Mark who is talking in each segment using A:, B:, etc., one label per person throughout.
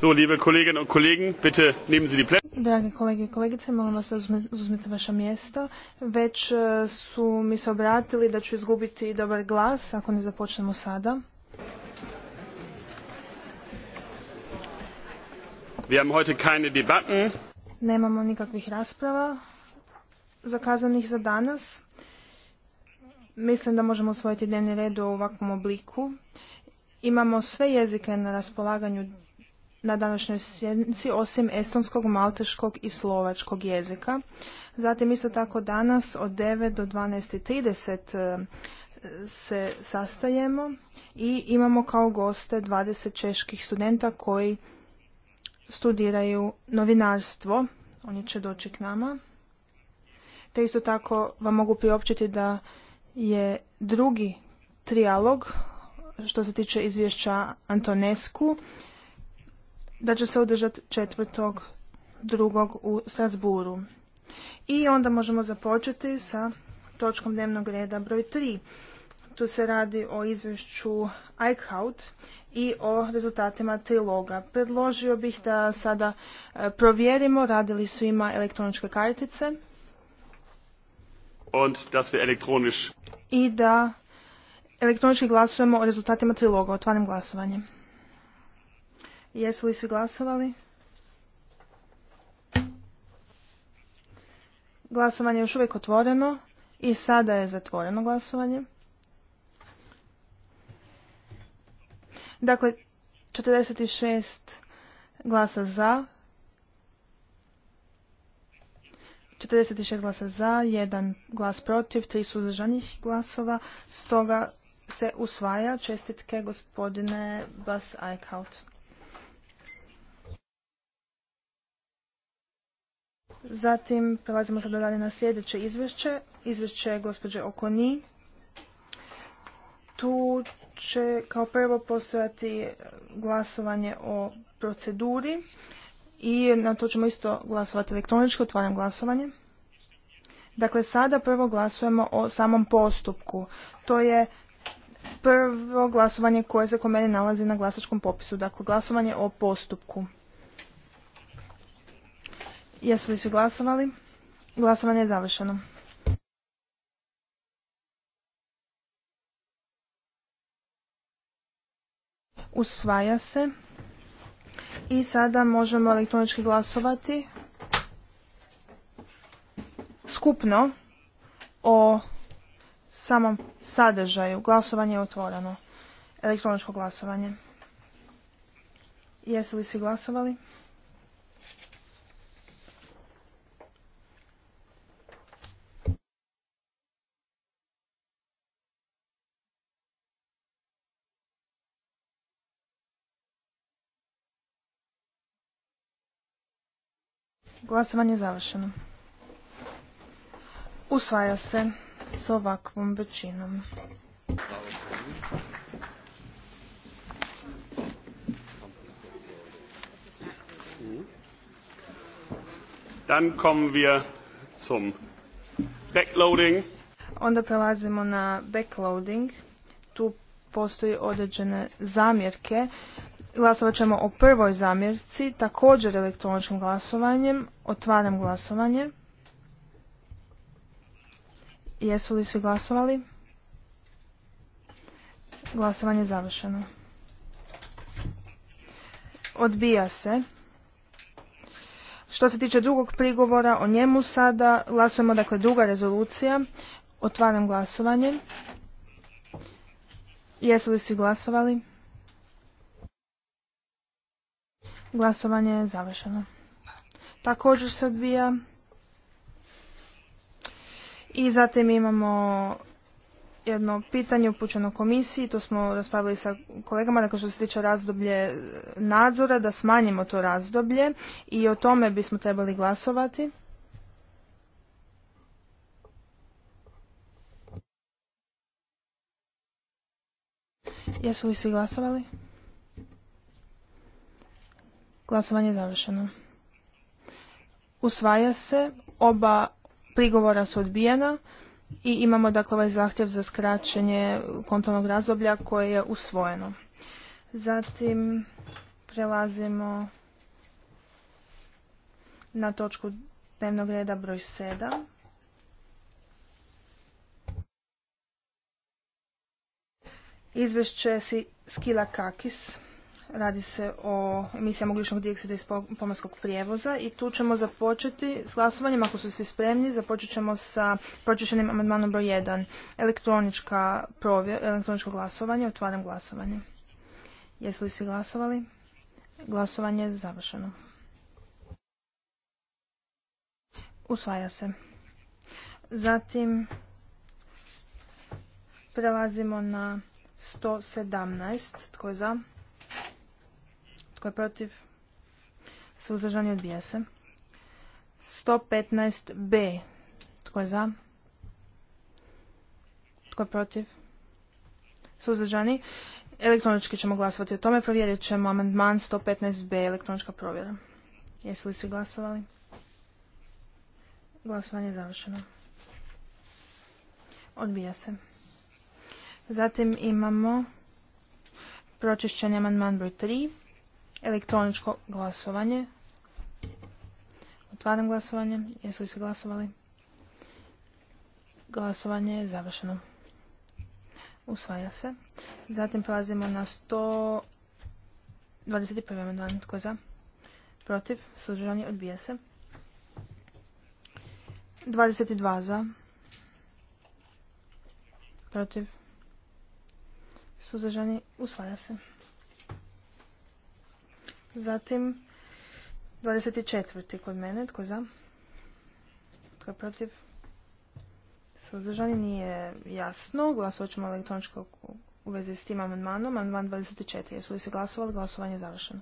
A: So, Dragi kolege i kolegice, molim vas da uzmete vaša mjesta. Već e, su mi se obratili da ću izgubiti dobar glas ako ne započnemo sada.
B: Wir haben heute keine Debatten.
A: Nemamo nikakvih rasprava zakazanih za danas. Mislim da možemo usvojiti dnevni red u ovakvom obliku. Imamo sve jezike na raspolaganju na današnjoj sjednici osim estonskog, malteškog i slovačkog jezika. Zatim isto tako danas od 9 do 12.30 e, se sastajemo i imamo kao goste 20 čeških studenta koji studiraju novinarstvo. Oni će doći k nama. Te isto tako vam mogu priopćiti da je drugi trijalog što se tiče izvješća Antonesku da će se održati četvrtog drugog u Strasburu. I onda možemo započeti sa točkom dnevnog reda broj 3. Tu se radi o izvješću Eichhout i o rezultatima triloga. Predložio bih da sada e, provjerimo radili ima elektroničke kartice. Und I da elektronički glasujemo o rezultatima triloga. Otvaram glasovanje. Jesu li svi glasovali? Glasovanje je još uvijek otvoreno i sada je zatvoreno glasovanje. Dakle, 46 glasa za, 46 glasa za, 1 glas protiv, 3 suzdržanih glasova, stoga se usvaja čestitke gospodine Bas Eichhout. Zatim prelazimo sada dalje na sljedeće izvješće, izvješće gospođe Okoni. Tu će kao prvo postojati glasovanje o proceduri i na to ćemo isto glasovati elektronički, otvaram glasovanje. Dakle, sada prvo glasujemo o samom postupku. To je prvo glasovanje koje se kod mene nalazi na glasačkom popisu. Dakle, glasovanje o postupku. Jesu li svi glasovali? Glasovanje je završeno. Usvaja se. I sada možemo elektronički glasovati skupno o samom sadržaju. Glasovanje je otvoreno. Elektroničko glasovanje. Jesu li svi glasovali? Glasovanje je završeno. Usvaja se s ovakvom većinom.
B: Dan kommen wir zum backloading.
A: Onda prelazimo na backloading. Tu postoji određene zamjerke Glasovat ćemo o prvoj zamjerci, također elektroničkim glasovanjem. Otvaram glasovanje. Jesu li svi glasovali? Glasovanje je završeno. Odbija se. Što se tiče drugog prigovora, o njemu sada glasujemo, dakle, druga rezolucija. Otvaram glasovanje. Jesu li svi glasovali? Glasovanje je završeno. Također se odbija. I zatim imamo jedno pitanje upućeno komisiji, to smo raspravili sa kolegama, dakle što se tiče razdoblje nadzora, da smanjimo to razdoblje i o tome bismo trebali glasovati. Jesu li svi glasovali? Glasovanje je završeno. Usvaja se, oba prigovora su odbijena i imamo dakle ovaj zahtjev za skraćenje kontrolnog razdoblja koje je usvojeno. Zatim prelazimo na točku dnevnog reda broj 7. Izvješće Skila Kakis. Radi se o emisijama ugljičnog dioksida iz pomorskog prijevoza i tu ćemo započeti s glasovanjem, ako su svi spremni, započet ćemo sa pročišćenim amandmanom broj 1, elektronička elektroničko glasovanje, otvaram glasovanje. Jesu li svi glasovali? Glasovanje je završeno. Usvaja se. Zatim prelazimo na 117. Tko je za? Tko je protiv? Suzdržani odbija se. 115b. Tko je za? Tko je protiv? Suzdržani. Elektronički ćemo glasovati o tome. Provjerit ćemo amandman 115b. Elektronička provjera. Jesu li svi glasovali? Glasovanje je završeno. Odbija se. Zatim imamo pročišćeni amandman broj 3. Elektroničko glasovanje. Otvaram glasovanje. Jesu li se glasovali? Glasovanje je završeno. Usvaja se. Zatim prelazimo na 121. amandman. Tko je za? Protiv? Suzdržani? Odbija se. 22 za. Protiv? Suzdržani? Usvaja se. Zatim 24. kod mene, tko za? Tko je protiv? Suzdržani nije jasno. Glasovat ćemo elektroničko u vezi s tim amandmanom. Amandman 24. Jesu li se glasovali? Glasovanje je završeno.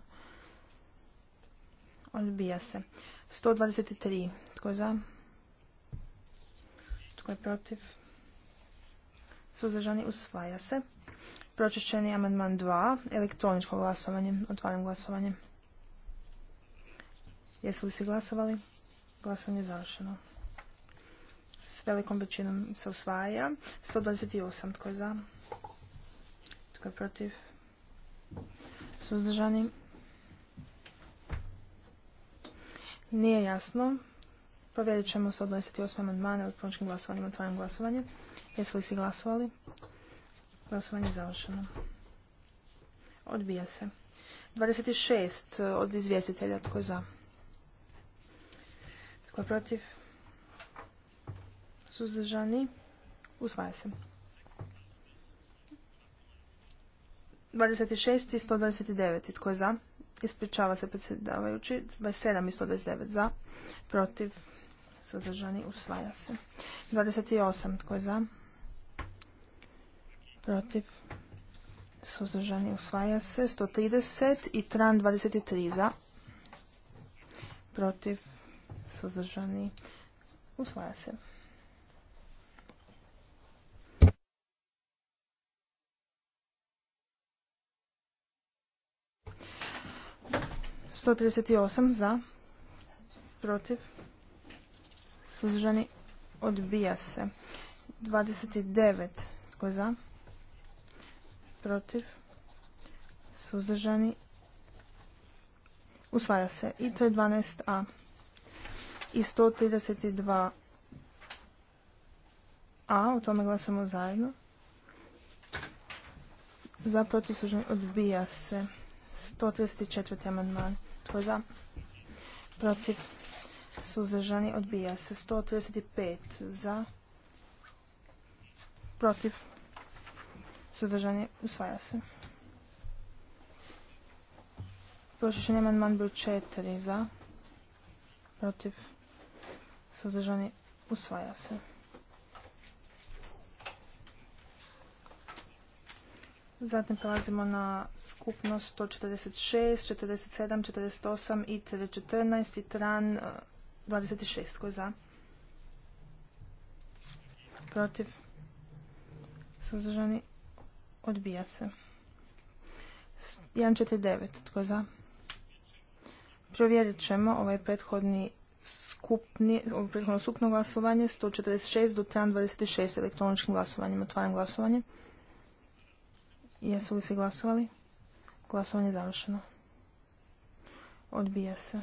A: Odbija se. 123. Tko je za? Tko je protiv? Suzdržani usvaja se. Pročišćeni amandman 2, elektroničko glasovanje. Otvaram glasovanje. Jesu li svi glasovali? Glasovanje je završeno. S velikom većinom se usvaja. 128. Tko je za? Tko je protiv? Suzdržani? Nije jasno. Provjerit ćemo 128. amandmane elektroničkim glasovanjem. Otvaram glasovanje. Jesu li svi glasovali? Glasovanje završeno. Odbija se. 26 eh, od izvjestitelja. Tko je za? Tko je protiv? Suzdržani? Usvaja se. 26 i 129. Tko je za? Ispričava se predsjedavajući. 27 i 129 za. Protiv. Suzdržani. Usvaja se. 28. Tko je za? protiv, suzdržani usvaja se. 130 i tran 23 za, protiv, suzdržani usvaja se. Sto za protiv suzdržani odbija se 29 za protiv, suzdržani, usvaja se. I 312a i 132a, o tome glasujemo zajedno. Za protiv suzdržani odbija se. 134. amandman. to je za? Protiv. Suzdržani odbija se. 135. Za. Protiv. suzdržani. Suzdržani usvaja se. Prošlišen je amandman broj 4 za. Protiv. Suzdržani usvaja se. Zatim prelazimo na skupno 146, 47, 48 i 14 i tran 26 e, koji je za. Protiv. Suzdržani Odbija se. 1.49. Tko je za? Provjerit ćemo ovaj prethodni skupni, prethodno skupno glasovanje 146 do dvadeset elektroničkim glasovanjem. Otvaram glasovanje. Jesu li svi glasovali? Glasovanje je završeno. Odbija se.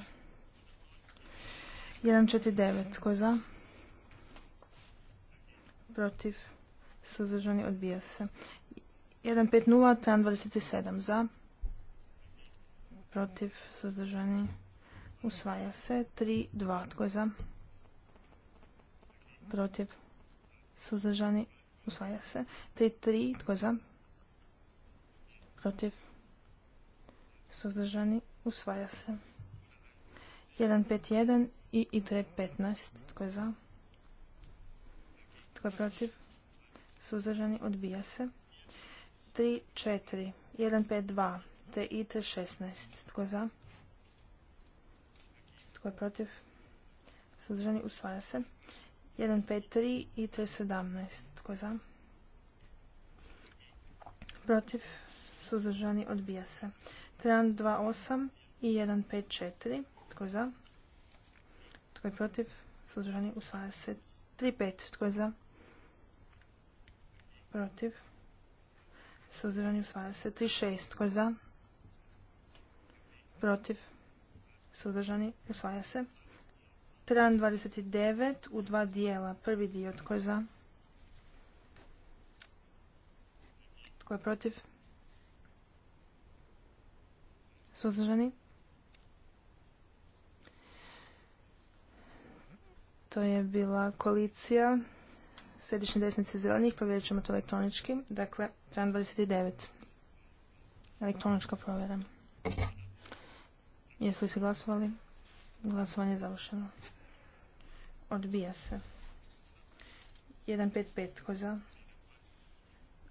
A: 1.49. Tko je za? Protiv. Suzdržani odbija se. 150 27 za protiv suzdržani usvaja se 3 2 tko je za protiv suzdržani usvaja se 3 3 tko je za protiv suzdržani usvaja se 151 i 315. 15 tko je za tko je protiv suzdržani odbija se 3, 4, 1, 5, 2, te i 3, 16. Tko je za? Tko je protiv? Suzdržani usvaja se. 1, 5, 3 i 3, 17. Tko je za? Protiv? Suzdržani odbija se. 3, 2, 8 i 1, 5, 4. Tko je za? Tko je protiv? Suzdržani usvaja se. 3, 5. Tko je za? Protiv? Suzdržani usvaja se. 36. Tko je za? Protiv. Suzdržani usvaja se. Tran 29 u dva dijela. Prvi dio. Tko je za? Tko je protiv? Suzdržani. To je bila koalicija središnje desnice zelenih, provjerit ćemo to elektronički. Dakle, tran 29. Elektronička provjera. Jesu li se glasovali? Glasovanje je završeno. Odbija se. 155 ko za.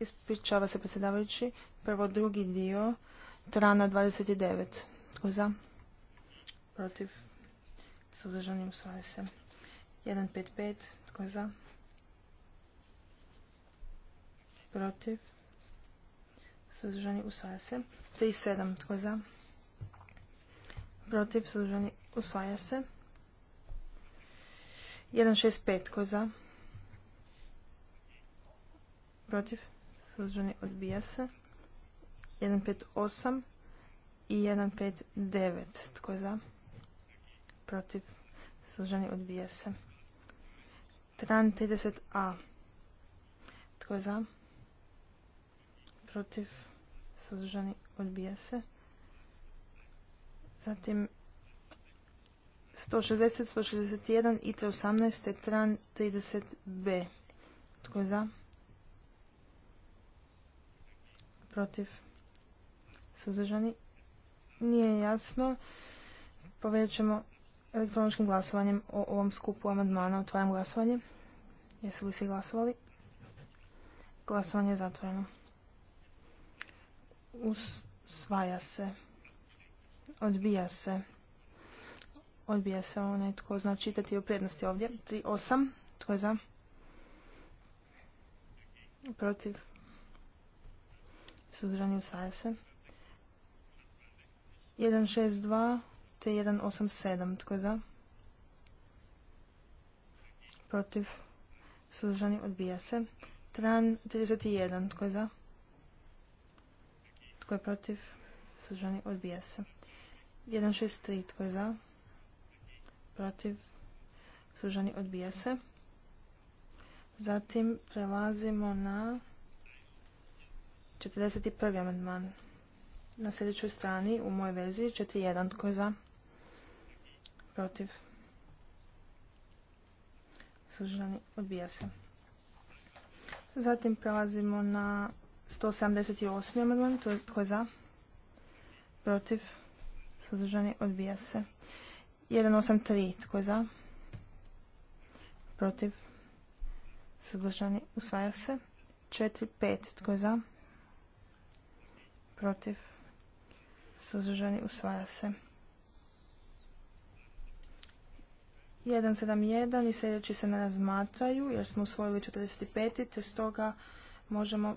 A: Ispričava se predsjedavajući. Prvo drugi dio. Trana 29. Tko za? Protiv. Suzdržanim svoje se. 155. Tko za? protiv, suzdržani, usvaja se. 37 tko za, protiv, suzdržani, usvaja se. 165 tko za, protiv, suzdržani, odbija se. 158 i 159 tko za, protiv, suzdržani, odbija se. Tran 30a. Tko je za? protiv, suzdržani, odbija se. Zatim 160, 161, i 18, TRAN 30B. Tko je za? Protiv? Suzdržani? Nije jasno. Povedat ćemo elektroničkim glasovanjem o ovom skupu amandmana. Otvaram glasovanje. Jesu li svi glasovali? Glasovanje je zatvoreno usvaja se, odbija se, odbija se onaj tko zna čitati o prednosti ovdje, 3.8, tko je za, protiv, suzdržani usvaja se, 1.6.2 te 1.8.7, tko je za, protiv, suzdržani odbija se, Tran 31, tko je za? Tko je protiv? Suzdržani odbija se. 163. Tko je za? Protiv? sužani odbija se. Zatim prelazimo na 41. amandman. Na sljedećoj strani u mojoj verziji 4.1. Tko je za? Protiv? Suzdržani odbija se. Zatim prelazimo na 178. amandman, to je tko je za? Protiv? Suzdržani? Odbija se. 183. Tko je za? Protiv? Suzdržani? Usvaja se. 45 Tko je za? Protiv? Suzdržani? Usvaja se. 171 i sljedeći se ne razmatraju jer smo usvojili 45. te stoga možemo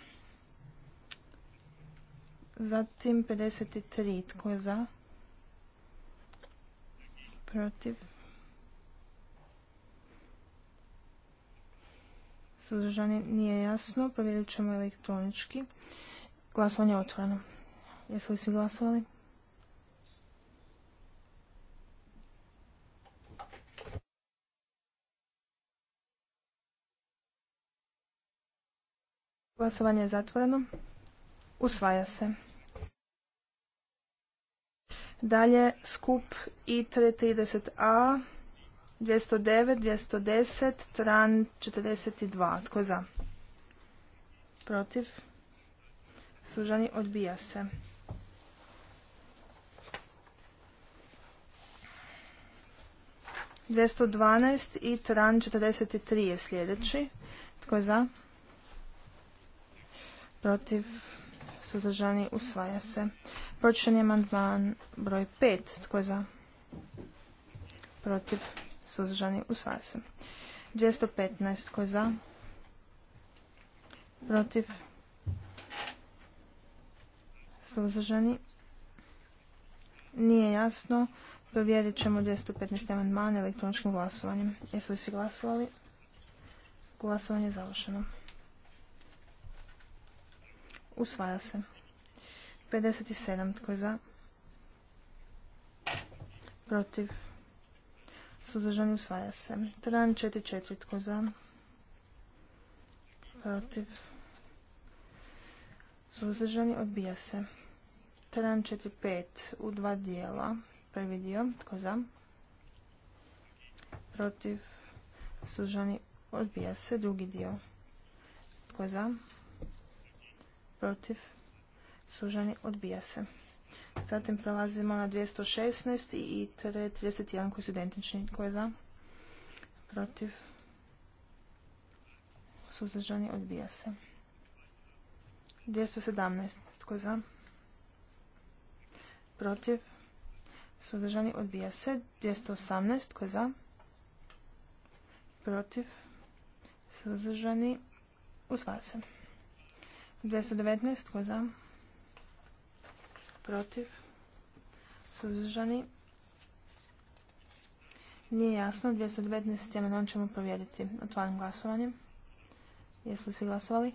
A: Zatim 53. Tko je za? Protiv? Suzdržani nije jasno. Provjerit ćemo elektronički. Glasovanje je otvoreno. Jesu li svi glasovali? Glasovanje je zatvoreno. Usvaja se. Dalje skup I330A 209, 210, Tran 42. Tko za? Protiv? Služani odbija se. Dvjesto dvanaest i tran 43 je sljedeći. Tko je za? Protiv suzdržani, usvaja se. Pročitani amandman broj 5, tko je za? Protiv, suzdržani, usvaja se. 215, tko je za? Protiv, suzdržani, nije jasno. Provjerit ćemo 215. amandman elektroničkim glasovanjem. Jesu li svi glasovali? Glasovanje je završeno. Usvaja se. 57. Tko je za? Protiv. sudržani, usvaja se. 3, 4-4. Tko je za? Protiv. Suzdržani odbija se. 3, 4-5. U dva dijela. Prvi dio. Tko je za? Protiv. Suzdržani odbija se. Drugi dio. Tko je za? Protiv protiv, suženi, odbija se. Zatim prelazimo na 216 i 31 koji su identični. tko je za? Protiv. Suzdržani odbija se. 217. Tko je za? Protiv. Suzdržani odbija se. 218. Tko je za? Protiv. Suzdržani usvaja se. 219. Tko za? Protiv? Suzdržani? Nije jasno. 219. Jamenon ćemo provjeriti. Otvaram glasovanjem. Jesu li svi glasovali?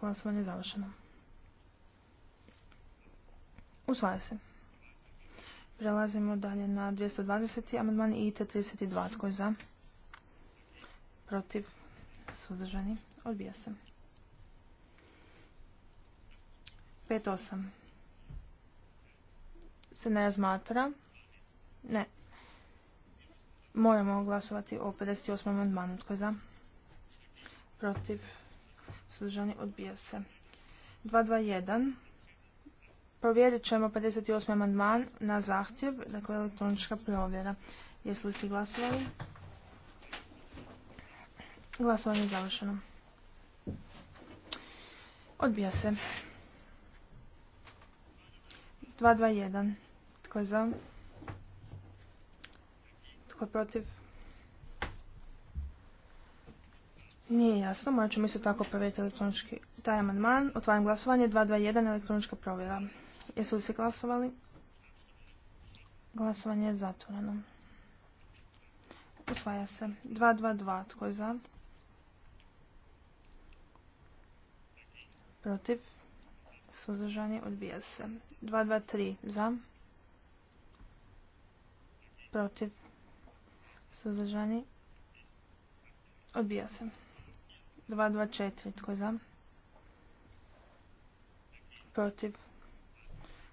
A: Glasovanje je završeno. Usvaja se. Prelazimo dalje na 220. amandman i IT32. Tko je za? Protiv? suzdržani, odbija se. 5.8 se ne razmatra. Ne. Moramo glasovati o 58. amandmanu. Tko je za? Protiv. Suzdržani odbija se. 221. Provjerit ćemo 58. amandman na zahtjev, dakle elektronička provjera. Jesu li si glasovali? Glasovanje je završeno. Odbija se. 221. Tko je za? Tko je protiv? Nije jasno, morat ćemo isto tako provjeriti elektronički taj amandman. Otvaram glasovanje 221 elektronička provjera. Jesu li se glasovali? Glasovanje je zatvoreno. Usvaja se. 222. Tko je za? protiv, suzdržani, odbija se. 223 za, protiv, suzdržani, odbija se. 224 tko za, protiv,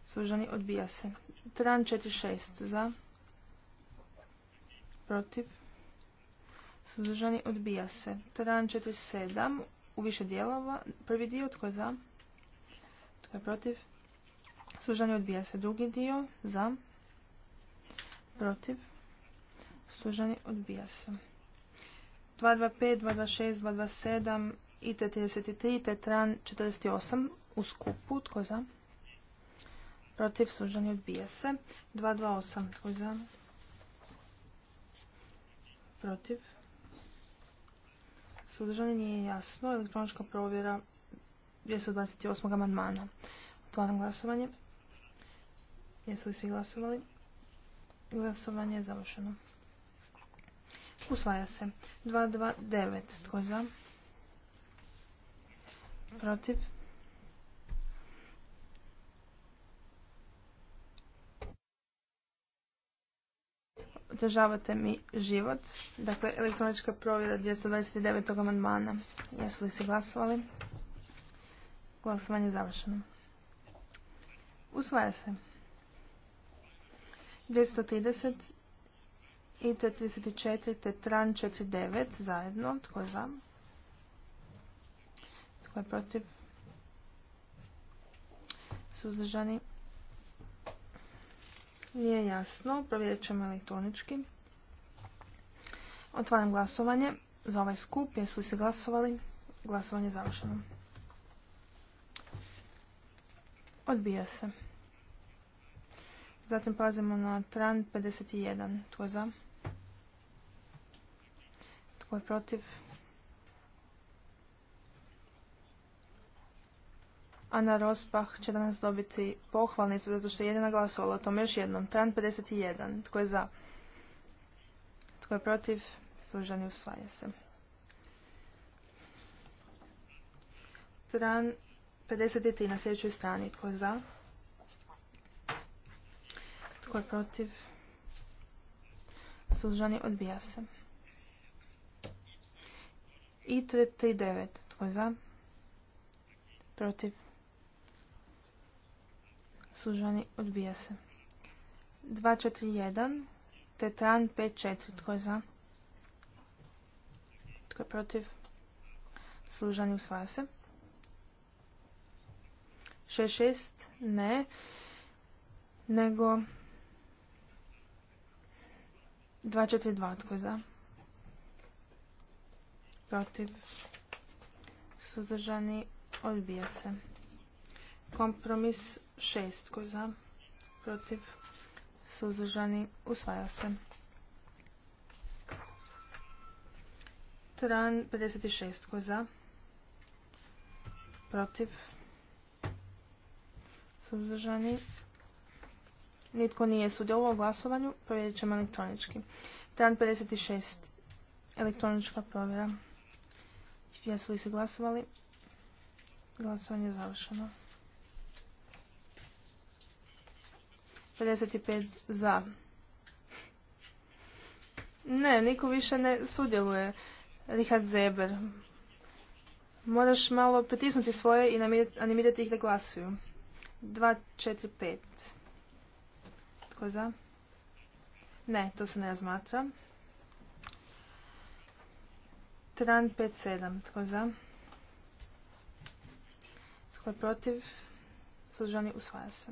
A: suzdržani, odbija se. Tran 46 za, protiv, suzdržani, odbija se. Tran 47 u više dijelova. Prvi dio, tko je za? Tko je protiv? Služani odbija se. Drugi dio, za? Protiv? Služanje odbija se. 225, 226, 227, IT33, TETRAN 48 u skupu. Tko za? Protiv sužani odbija se. 228. Tko je za? Protiv. Sudržanje nije jasno. Elektronička provjera 228. amandmana. Otvaram glasovanje. Jesu li svi glasovali? Glasovanje je završeno. Usvaja se. 229. Tko je za? Protiv? otežavate mi život. Dakle, elektronička provjera 229. amandmana. Jesu li se glasovali? Glasovanje je završeno. Usvaja se. 230 i 34 te tran 49 zajedno. Tko je za? Tko je protiv? Suzdržani? Nije jasno. Provjerit ćemo elektronički. Otvaram glasovanje za ovaj skup. Jesu li se glasovali? Glasovanje je završeno. Odbija se. Zatim pazimo na tran 51. Tko je za? Tko je protiv? Ana Rospah će danas dobiti pohvalnicu zato što je jedina glasovala o tome još jednom. Tran 51. Tko je za? Tko je protiv? sužani, usvaja se. Tran 53 na sljedećoj strani. Tko je za? Tko je protiv? Suzdržani odbija se. I 39. Tko je za? Protiv? suženi odbija se. 241, tetran 54, tko je za? Tko je protiv? Služani usvaja se. 66, ne. Nego 242, tko za? Protiv? Suzdržani odbija se. Kompromis 6 koza za, protiv, suzdržani, usvaja se. Tran 56 ko za, protiv, suzdržani, Nitko nije sudjelovao u glasovanju, provjerit ćemo elektronički. Tran 56, elektronička provjera. Jesu li se glasovali? Glasovanje je završeno. 55 za. Ne, niko više ne sudjeluje. Richard Zeber. Moraš malo pritisnuti svoje i animirati ih da glasuju. 2, 4, 5. Tko za? Ne, to se ne razmatra. Tran 5, 7. Tko za? Tko je protiv? Služani usvaja se.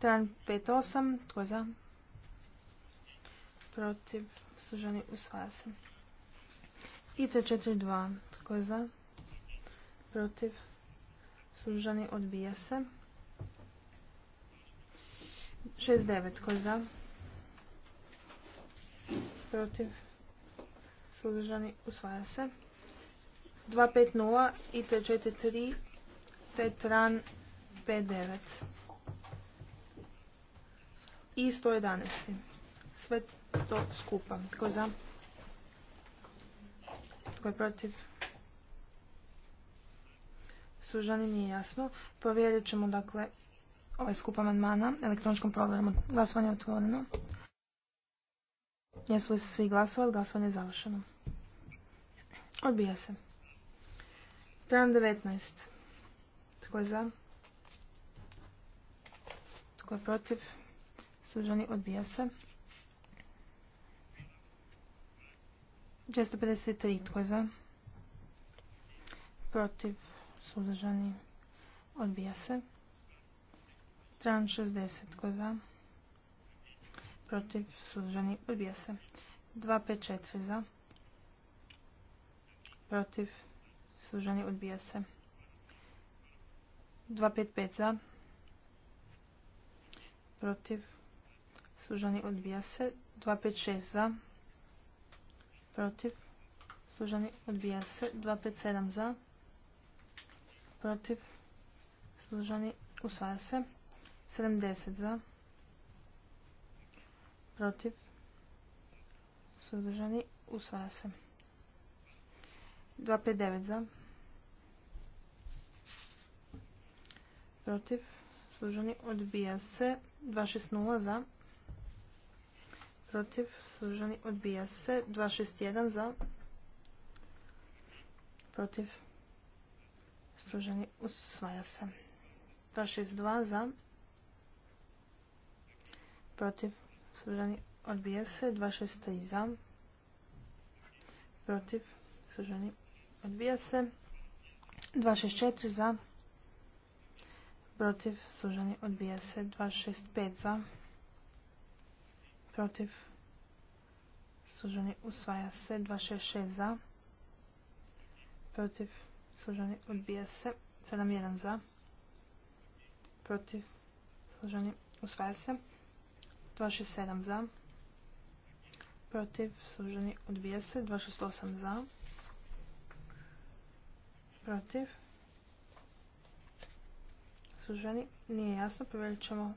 A: Tran 58. Tko za? Protiv. služani usvaja se. I 42 Tko za? Protiv. služani odbija se. 69. Tko za? Protiv. služani usvaja se. 250 i 43 te tran 59 i 111. Sve to skupa. Tko je za? Tko je protiv? Sužani nije jasno. Provjerit ćemo dakle ovaj skup amandmana elektroničkom provjerom. Glasovanje je otvoreno. Jesu li svi glasovali? Glasovanje je završeno. Odbija se. Tram 19. Tko je za? Tko je protiv? suzdržani, odbija se. 253 tko je za, protiv, suzdržani, odbija se. Tran 60 tko je za, protiv, suzdržani, odbija se. 254 za, protiv, suzdržani, odbija se. 255 za, protiv, sužani odbija se. 256 za, protiv, sužani odbija se. 257 za, protiv, sužani usvaja se. 70 za, protiv, suzdržani, usvaja se. 259 za, protiv, suzdržani, odbija se. 260 za, protiv, suzdržani, odbija se. 261 za, protiv, suzdržani, usvaja se. 262 za, protiv, suzdržani, odbija se. 263 za, protiv, suzdržani, odbija se. 264 za, protiv, suzdržani, odbija se. 265 za, protiv, suženi usvaja se, 266 za, protiv, služeni, odbija se, 71 za, protiv, služeni, usvaja se, 267 za, protiv, služeni, odbija se, 268 za, protiv, suženi, nije jasno, provjerit ćemo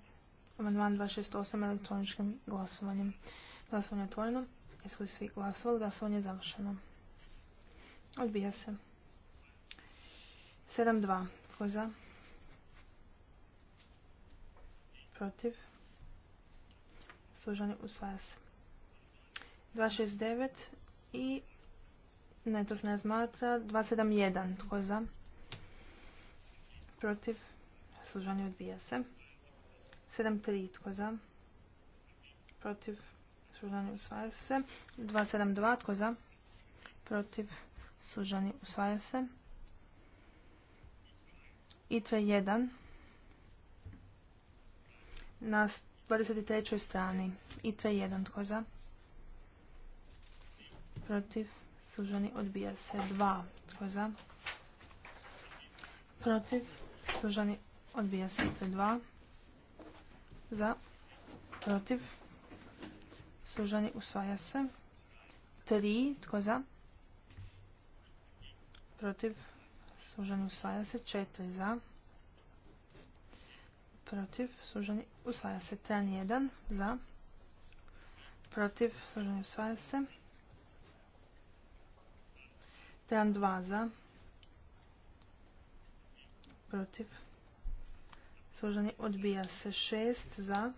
A: Amandman 268 elektroničkim glasovanjem. Glasovanje je otvoreno. Jesu li svi glasovali? Glasovanje je završeno. Odbija se. 7.2. Tko za? Protiv? Služani usvaja se. 2.69 i ne, to se 2.71. Tko za? Protiv? Služani odbija se. 7.3 tko za? Protiv sužani usvaja se. 2 2.7.2 tko za? Protiv sužani usvaja se. i 3 1 na 23. strani. i 3 1 tko za? Protiv sužani odbija se. 2 tko za? Protiv sužani odbija se. 3 2 za, protiv, služani usvaja se. 3, tko za, protiv, služani usvaja se. četiri, za, protiv, služeni usvaja se. Tran jedan, za, protiv, služani usvaja se. Tran dva, za, protiv, sužani odbija se 6 za,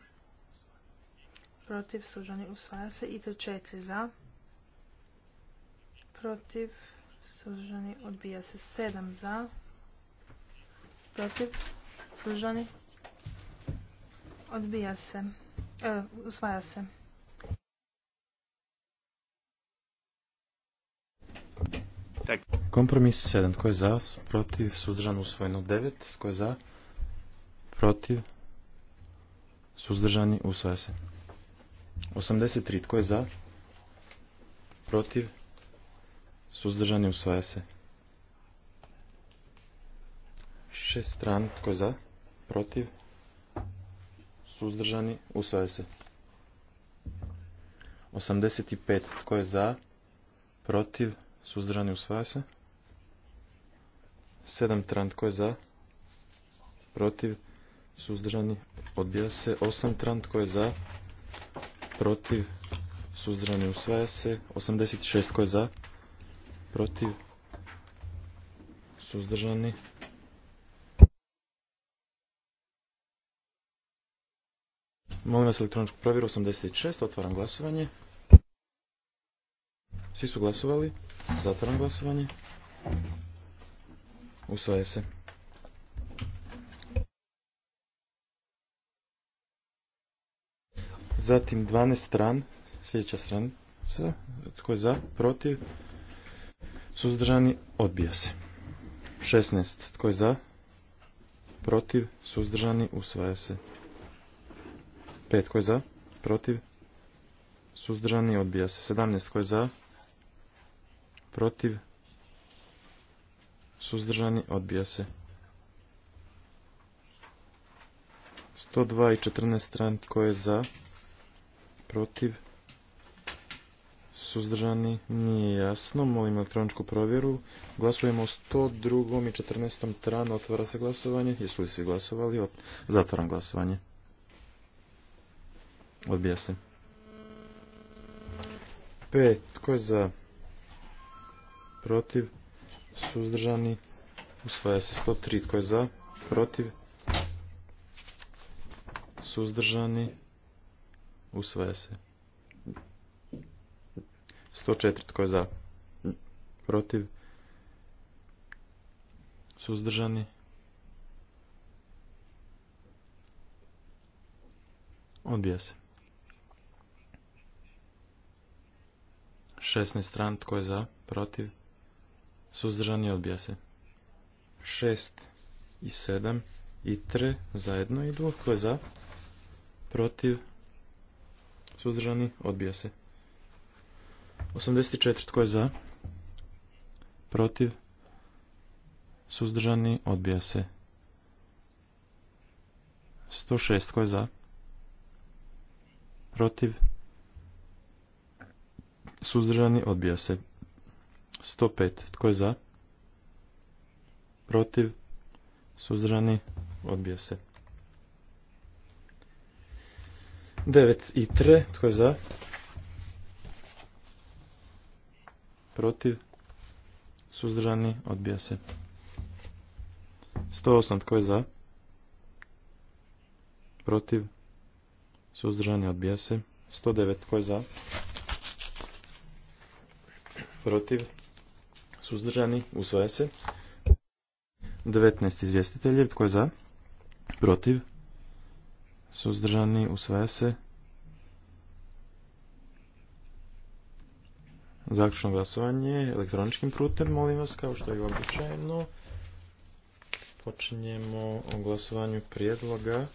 A: protiv sužani usvaja se i to 4 za, protiv sužani odbija se 7 za, protiv sužani odbija se, e, usvaja se.
B: Kompromis 7. Tko je za? Protiv? Suzdržan? Usvojeno 9. Tko je za? protiv, suzdržani, usvaja se. 83. Tko je za? Protiv? Suzdržani usvaja se. Šest stran. Tko je za? Protiv? Suzdržani usvaja se. 85. Tko je za? Protiv? Suzdržani usvaja se. Sedam stran, Tko je za? Protiv? suzdržani, odbija se. Osam, Trant, tko je za, protiv, suzdržani, usvaja se. 86 tko je za, protiv, suzdržani, Molim vas elektroničku provjeru 86, otvaram glasovanje. Svi su glasovali, zatvaram glasovanje. Usvaja se. Zatim 12 stran, sljedeća stranica, tko je za, protiv, suzdržani, odbija se. 16, tko je za, protiv, suzdržani, usvaja se. 5, tko je za, protiv, suzdržani, odbija se. 17, tko je za, protiv, suzdržani, odbija se. 102 i 14 stran, tko je za, protiv, suzdržani, nije jasno. Molim elektroničku provjeru. Glasujemo 102. i 14. tranu. Otvara se glasovanje. Jesu li svi glasovali? Zatvaram glasovanje. Odbija se. 5. Tko je za? Protiv. Suzdržani. Usvaja se 103. Tko je za? Protiv. Suzdržani. Usvaja se. 104. Tko je za? Protiv? Suzdržani? Odbija se. 16 stran, tko je za, protiv, suzdržani, odbija se. 6 i 7 i 3 zajedno idu, tko je za, protiv, Suzdržani? Odbija se. 84. Tko je za? Protiv? Suzdržani? Odbija se. 106. Tko je za? Protiv? Suzdržani? Odbija se. 105. Tko je za? Protiv? Suzdržani? Odbija se. 9 i 3, tko je za? Protiv? Suzdržani? Odbija se. 108, tko je za? Protiv? Suzdržani? Odbija se. 109, tko je za? Protiv? Suzdržani? Usvaja se. 19 izvjestiteljev, tko je za? Protiv? suzdržani, usvaja se. Zaključno glasovanje elektroničkim prutem. molim vas, kao što je uobičajeno. Počinjemo o glasovanju prijedloga,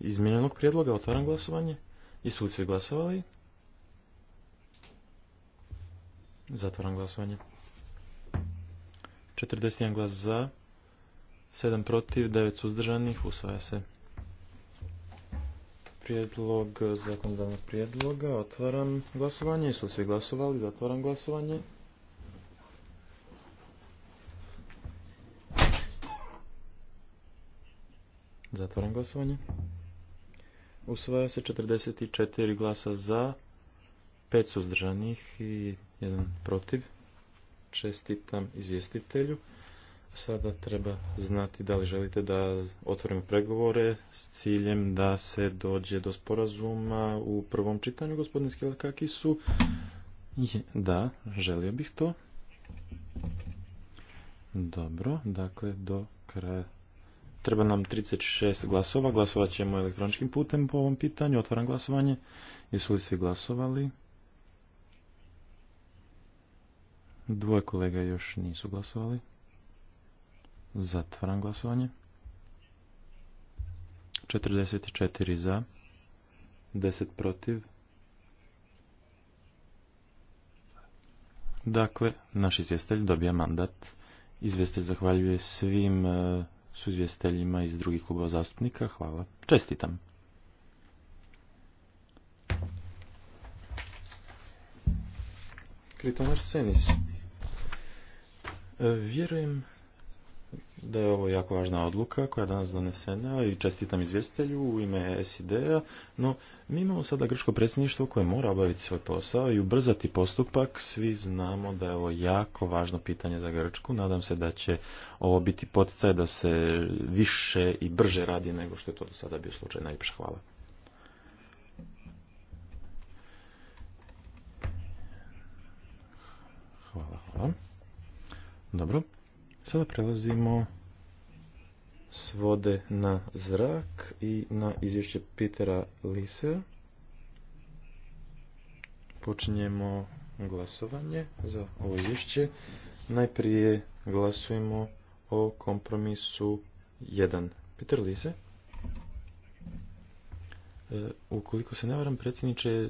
B: izmijenjenog prijedloga, otvaram glasovanje. I su li svi glasovali? Zatvaram glasovanje. 41 glas za, 7 protiv, 9 suzdržanih, usvaja se prijedlog e, zakonodavnog prijedloga. Otvaram glasovanje. Su svi glasovali? Zatvaram glasovanje. Zatvaram glasovanje. Usvaja se 44 glasa za, 5 suzdržanih i jedan protiv. Čestitam izvjestitelju. Sada treba znati da li želite da otvorimo pregovore s ciljem da se dođe do sporazuma u prvom čitanju gospodine su. Da, želio bih to. Dobro, dakle do kraja. Treba nam 36 glasova, glasovat ćemo elektroničkim putem po ovom pitanju, otvaram glasovanje. Jesu li svi glasovali? Dvoje kolega još nisu glasovali. Zatvaram glasovanje. 44 za, 10 protiv. Dakle, naš izvjestelj dobija mandat. Izvjestelj zahvaljuje svim e, suzvjesteljima iz drugih klubova zastupnika. Hvala. Čestitam. Kritomar Senis. E, vjerujem da je ovo jako važna odluka koja je danas donesena i čestitam izvjestitelju u ime SID-a, no mi imamo sada grčko predsjedništvo koje mora obaviti svoj posao i ubrzati postupak. Svi znamo da je ovo jako važno pitanje za Grčku. Nadam se da će ovo biti poticaj da se više i brže radi nego što je to do sada bio slučaj. Najljepša hvala. Hvala, hvala. Dobro. Sada prelazimo s vode na zrak i na izvješće Petera Lise. Počinjemo glasovanje za ovo izvješće. Najprije glasujemo o kompromisu 1. Peter Lise. E, ukoliko se ne varam, predsjedniče,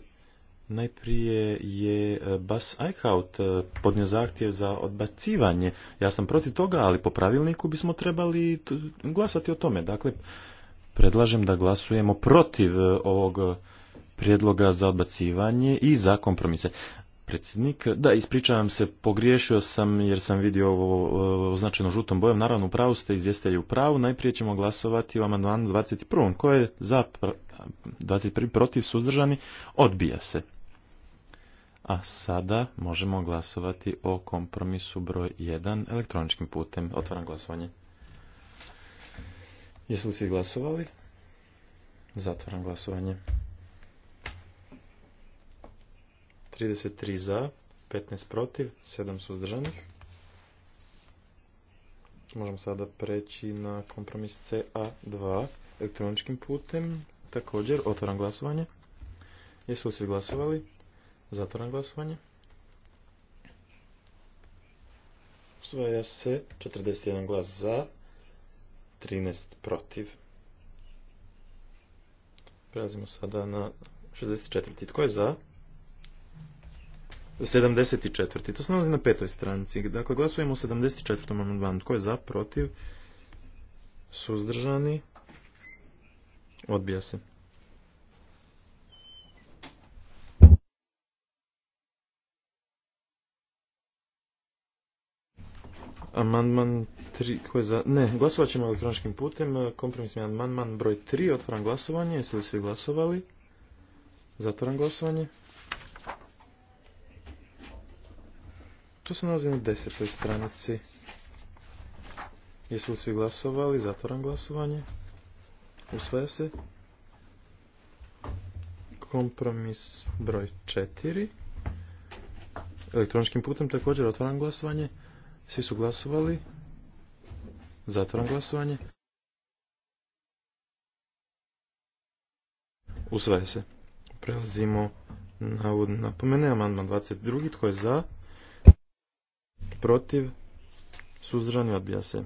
B: Najprije je e, Bas Eichhout e, podnio zahtjev za odbacivanje. Ja sam protiv toga, ali po pravilniku bismo trebali glasati o tome. Dakle, predlažem da glasujemo protiv e, ovog prijedloga za odbacivanje i za kompromise. Predsjednik, da, ispričavam se, pogriješio sam jer sam vidio ovo označeno žutom bojom. Naravno, u pravu ste izvjestelji u pravu. Najprije ćemo glasovati o amandmanu 21. Ko je za 21. protiv suzdržani? Odbija se. A sada možemo glasovati o kompromisu broj 1 elektroničkim putem. Otvaram glasovanje. Jesu li svi glasovali? Zatvaram glasovanje. 33 za, 15 protiv, 7 suzdržanih. Možemo sada preći na kompromis CA2 elektroničkim putem. Također, otvaram glasovanje. Jesu li svi glasovali? Zatvoram glasovanje. Usvaja se 41 glas za, 13 protiv. Prelazimo sada na 64. Tko je za? 74. To se nalazi na petoj stranici. Dakle, glasujemo 74. amandmanu. Tko je za, protiv, suzdržani, odbija se. Amandman 3, ko je za... Ne, glasovat ćemo elektroničkim putem. Kompromisni amandman broj 3, otvoram glasovanje. Jesu li svi glasovali? Zatvoram glasovanje. Tu se nalazi na desetoj stranici. Jesu li svi glasovali? Zatvoram glasovanje. Usvaja se. Kompromis broj 4. Elektroničkim putem također otvoram glasovanje. Svi su glasovali. Zatvaram glasovanje. Usvaje se. Prelazimo na napomene. Amandman 22. Tko je za? Protiv? Suzdržani odbija se.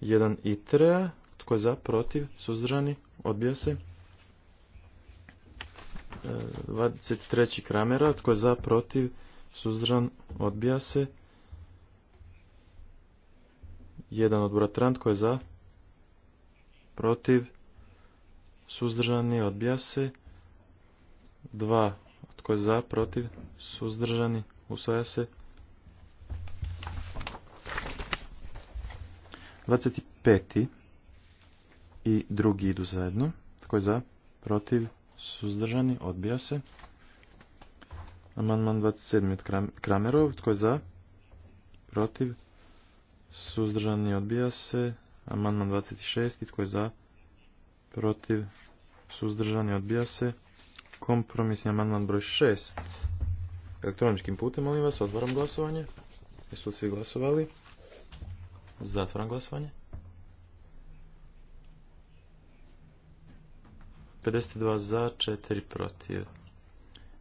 B: 1 i 3. Tko je za? Protiv? Suzdržani odbija se. 23. E, Kramera. Tko je za? Protiv? suzdržan, odbija se. Jedan od bratrant koji je za, protiv, suzdržani, odbija se. Dva tko je za, protiv, suzdržani, usvaja se. 25. i drugi idu zajedno. Tko je za, protiv, suzdržani, odbija se. Amandman 27. od Kramerov. Tko je za? Protiv? Suzdržani odbija se. Amandman 26. Tko je za? Protiv? Suzdržani odbija se. Kompromisni amandman broj 6. Elektroničkim putem, molim vas, otvaram glasovanje. Jesu svi glasovali? Zatvaram glasovanje. 52 za, 4 protiv.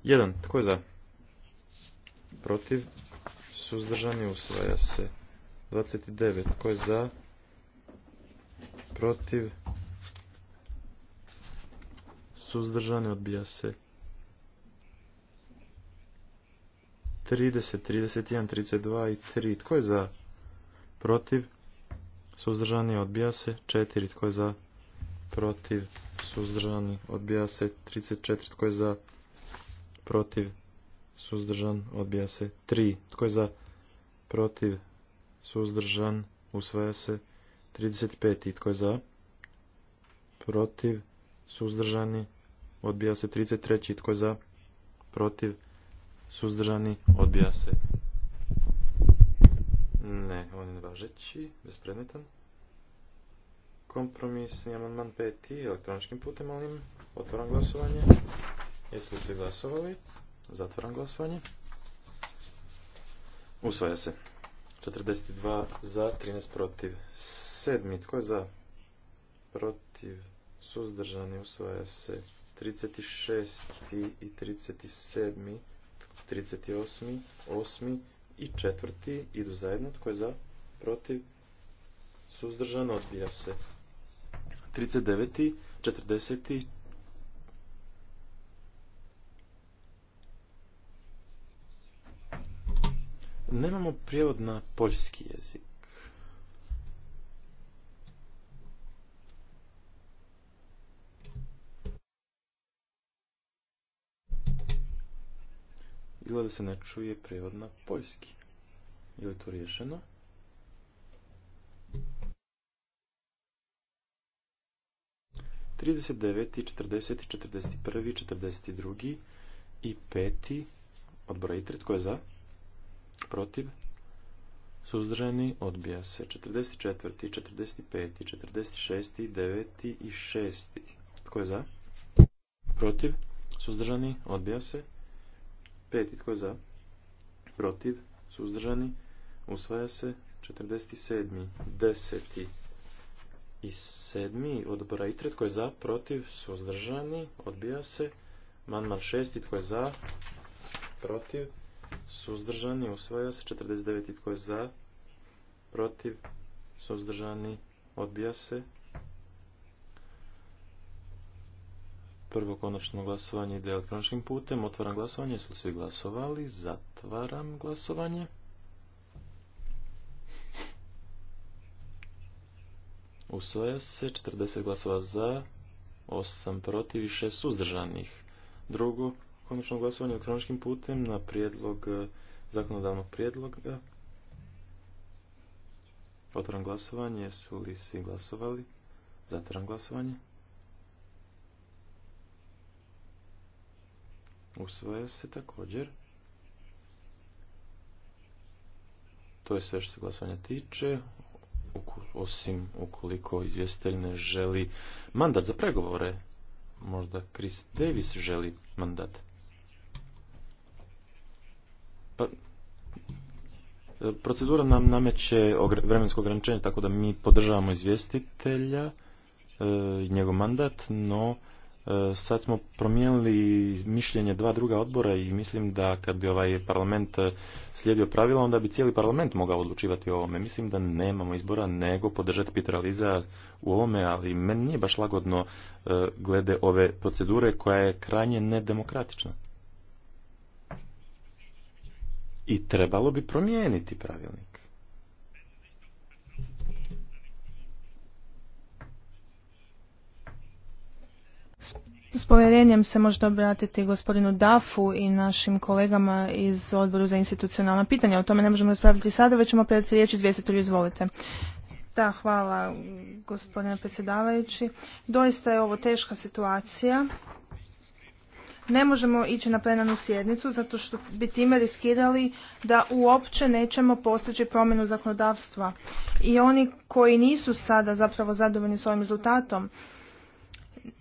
B: 1. Tko je za? protiv, suzdržani, usvaja se. 29. Tko je za? Protiv? Suzdržani odbija se. 30, 31, 32 i 3. Tko je za? Protiv? Suzdržani odbija se. 4. Tko je za? Protiv? Suzdržani odbija se. 34. Tko je za? Protiv? suzdržan, odbija se 3. Tko je za, protiv, suzdržan, usvaja se 35. Tko je za, protiv, suzdržani, odbija se 33. Tko je za, protiv, suzdržani, odbija se. Ne, on je nevažeći, bespredmetan. Kompromisni amandman 5. elektroničkim putem, molim, otvaram glasovanje. Jesu li se glasovali? Zatvaram glasovanje. Usvaja se. 42 za, 13 protiv. 7 tko je za? Protiv. Suzdržani usvaja se. 36. i 37. 38. 8. i 4. idu zajedno. Tko je za? Protiv. Suzdržan odbija se. 39. 40. Nemamo prijevod na poljski jezik. Izgleda da se ne čuje prijevod na poljski. Je li to riješeno? Trideset 40, četrdeset, četrdeset drugi i peti od broja tko je za? protiv, suzdržani, odbija se. 44. 45. 46. 9. i 6. Tko je za? Protiv, suzdržani, odbija se. 5. Tko je za? Protiv, suzdržani, usvaja se. 47. 10. i 7. odbora 3. Tko je za? Protiv, suzdržani, odbija se. Manman 6. Tko je za? Protiv, suzdržani, usvaja se. 49. tko je za, protiv, suzdržani, odbija se. Prvo konačno glasovanje ide elektroničkim putem. Otvaram glasovanje. Su svi glasovali? Zatvaram glasovanje. Usvaja se 40 glasova za, 8 protiv i 6 suzdržanih. Drugo, konačno glasovanje elektroničkim putem na prijedlog e, zakonodavnog prijedloga. Otvaram glasovanje. Jesu li svi glasovali? Zatvaram glasovanje. Usvoja se također. To je sve što se glasovanja tiče, osim ukoliko izvjestelj ne želi mandat za pregovore. Možda Chris Davis želi mandat. Pa, procedura nam nameće vremensko ograničenje, tako da mi podržavamo izvjestitelja e, i njegov mandat, no e, sad smo promijenili mišljenje dva druga odbora i mislim da kad bi ovaj parlament e, slijedio pravila, onda bi cijeli parlament mogao odlučivati o ovome. Mislim da nemamo izbora nego podržati Petra Liza u ovome, ali meni nije baš lagodno glede ove procedure koja je krajnje nedemokratična i trebalo bi promijeniti pravilnik.
A: S povjerenjem se možete obratiti gospodinu Dafu i našim kolegama iz odboru za institucionalna pitanja. O tome ne možemo raspraviti sada, već ćemo predati riječ izvjestitelju. Izvolite. Da, hvala gospodine predsjedavajući. Doista je ovo teška situacija ne možemo ići na plenarnu sjednicu zato što bi time riskirali da uopće nećemo postići promjenu zakonodavstva. I oni koji nisu sada zapravo zadovoljni s ovim rezultatom,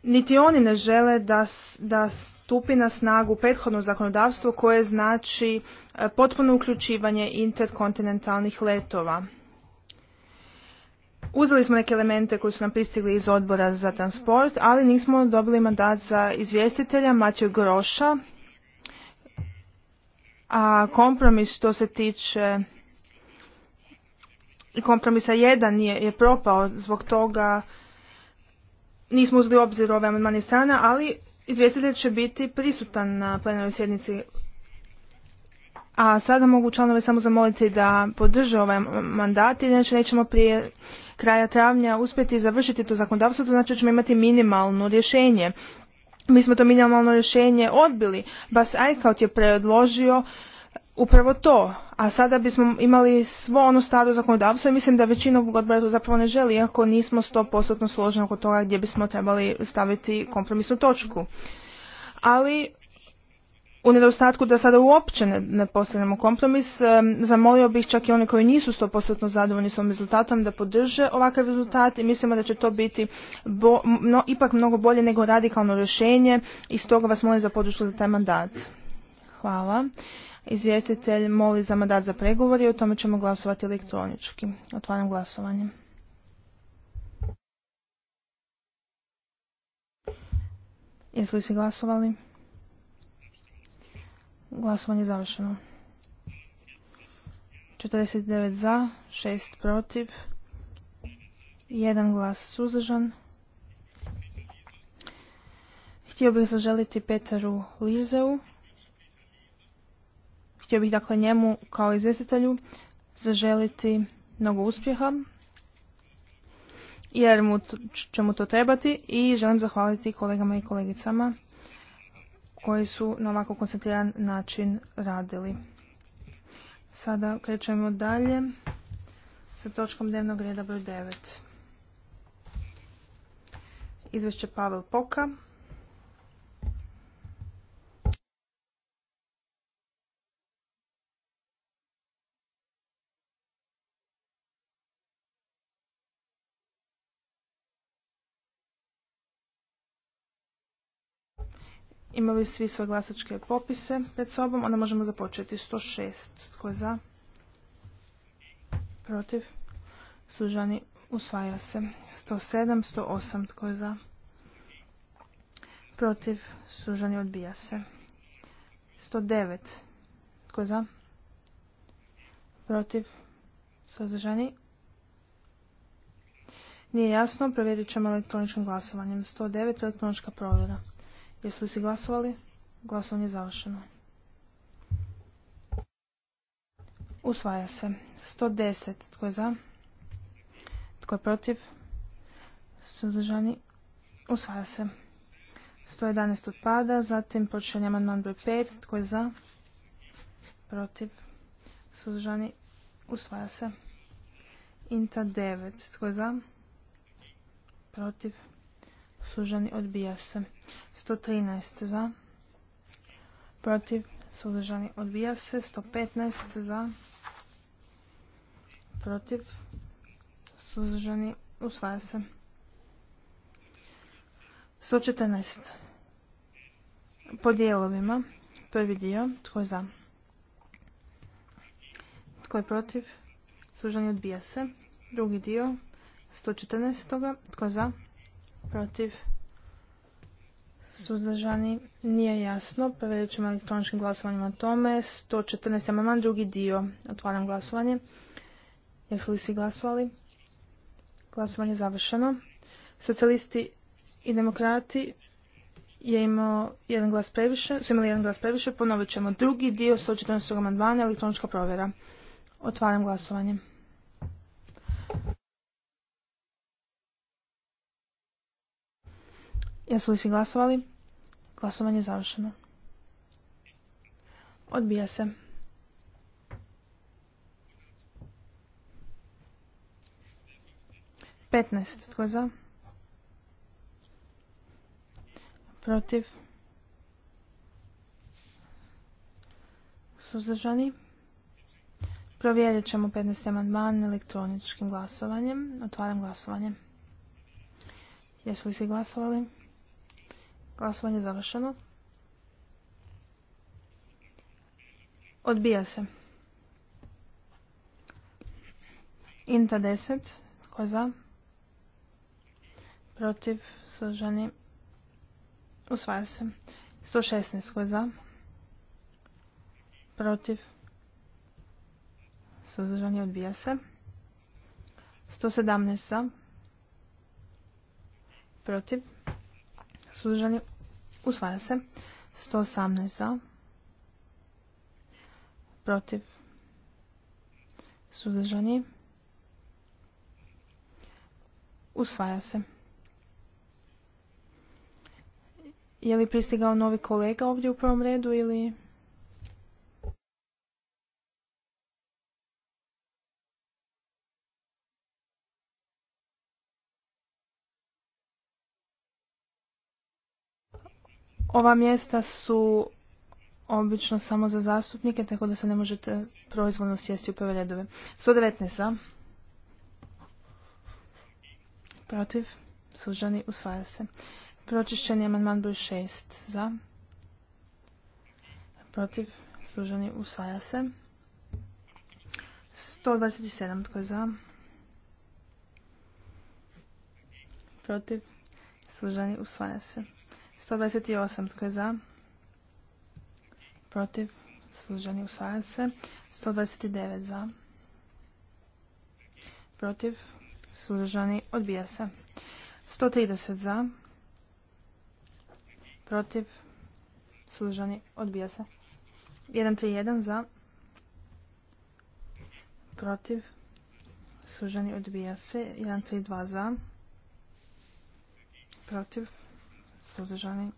A: niti oni ne žele da, da stupi na snagu prethodno zakonodavstvo koje znači e, potpuno uključivanje interkontinentalnih letova. Uzeli smo neke elemente koji su nam pristigli iz odbora za transport, ali nismo dobili mandat za izvjestitelja Matiju Groša. A kompromis što se tiče i kompromisa jedan je, propao zbog toga nismo uzeli obzir ove amandmane strana, ali izvjestitelj će biti prisutan na plenarnoj sjednici a sada mogu članove samo zamoliti da podrže ovaj mandat i nećemo prije kraja travnja uspjeti završiti to zakonodavstvo, to znači da ćemo imati minimalno rješenje. Mi smo to minimalno rješenje odbili. Bas Eichhout je predložio upravo to. A sada bismo imali svo ono stado zakonodavstvo i mislim da većina odbora to zapravo ne želi, iako nismo 100% složeni oko toga gdje bismo trebali staviti kompromisnu točku. Ali u nedostatku da sada uopće ne, ne postavljamo kompromis, zamolio bih čak i one koji nisu 100% zadovoljni s ovim rezultatom da podrže ovakav rezultat i mislimo da će to biti ipak mnogo bolje nego radikalno rješenje i stoga vas molim za podršku za taj mandat. Hvala. Izvjestitelj moli za mandat za pregovor i o tome ćemo glasovati elektronički. Otvaram glasovanje. Jesu li se glasovali? Glasovanje je završeno. 49 za, 6 protiv, 1 glas suzdržan. Htio bih zaželiti Petaru Lizeu. Htio bih dakle njemu kao izvjestitelju zaželiti mnogo uspjeha jer mu će mu to trebati i želim zahvaliti kolegama i kolegicama koji su na ovako koncentriran način radili. Sada krećemo dalje sa točkom dnevnog reda broj 9. Izvješće Pavel Poka. imali svi svoje glasačke popise pred sobom, onda možemo započeti 106. Tko je za? Protiv? Sužani usvaja se. 107, 108. Tko je za? Protiv? Sužani odbija se. 109. Tko je za? Protiv? Sužani nije jasno, provjerit ćemo elektroničkim glasovanjem. 109 elektronička provjera. Jesu li si glasovali? Glasovanje je završeno. Usvaja se. 110. Tko je za? Tko je protiv? Suzdržani. Usvaja se. 111 odpada, zatim počinje amandman broj 5, tko je za, protiv, suzdržani, usvaja se. Inta 9, tko je za, protiv, suzdržani, odbija se. 113 za, protiv, suzdržani, odbija se. 115 za, protiv, suzdržani, usvaja se. 114 po dijelovima. Prvi dio, tko je za? Tko je protiv? Služeni odbija se. Drugi dio, 114. Tko je za? protiv, suzdržani, nije jasno. Provjerit ćemo elektroničkim glasovanjem o tome. 114. amandman, drugi dio. Otvaram glasovanje. Jesu li svi glasovali? Glasovanje je završeno. Socijalisti i demokrati je imao jedan glas previše, su imali jedan glas previše. Ponovit ćemo drugi dio 114. amandmana, elektronička provjera. Otvaram glasovanje. Jesu li svi glasovali? Glasovanje je završeno. Odbija se. Petnaest. Tko je za? Protiv? Suzdržani? Provjerit ćemo 15. amandman elektroničkim glasovanjem. Otvaram glasovanje. Jesu li svi glasovali? Glasovanje završeno. Odbija se. Inta 10. Tko je za? Protiv. Suzdržani. Usvaja se. 116. Tko je za? Protiv. Suzdržani. Odbija se. 117. Za. Protiv suzdržani, usvaja se. 118 za, protiv, suzdržani, usvaja se. Je li pristigao novi kolega ovdje u prvom redu ili... Ova mjesta su obično samo za zastupnike, tako da se ne možete proizvoljno sjesti u prve redove. 119 za. Protiv. Sužani. Usvaja se. Pročišćeni amandman broj 6 za. Protiv. Sužani. Usvaja se. 127. Tko je za? Protiv. Suđani. Usvaja se. 128. Tko je za? Protiv? Suzdržani usvaja se. 129 za. Protiv? Suzdržani odbija se. 130 za. Protiv? Suzdržani odbija se. 131 za. Protiv? Suzdržani odbija se. 132 za. Protiv? suzdržani,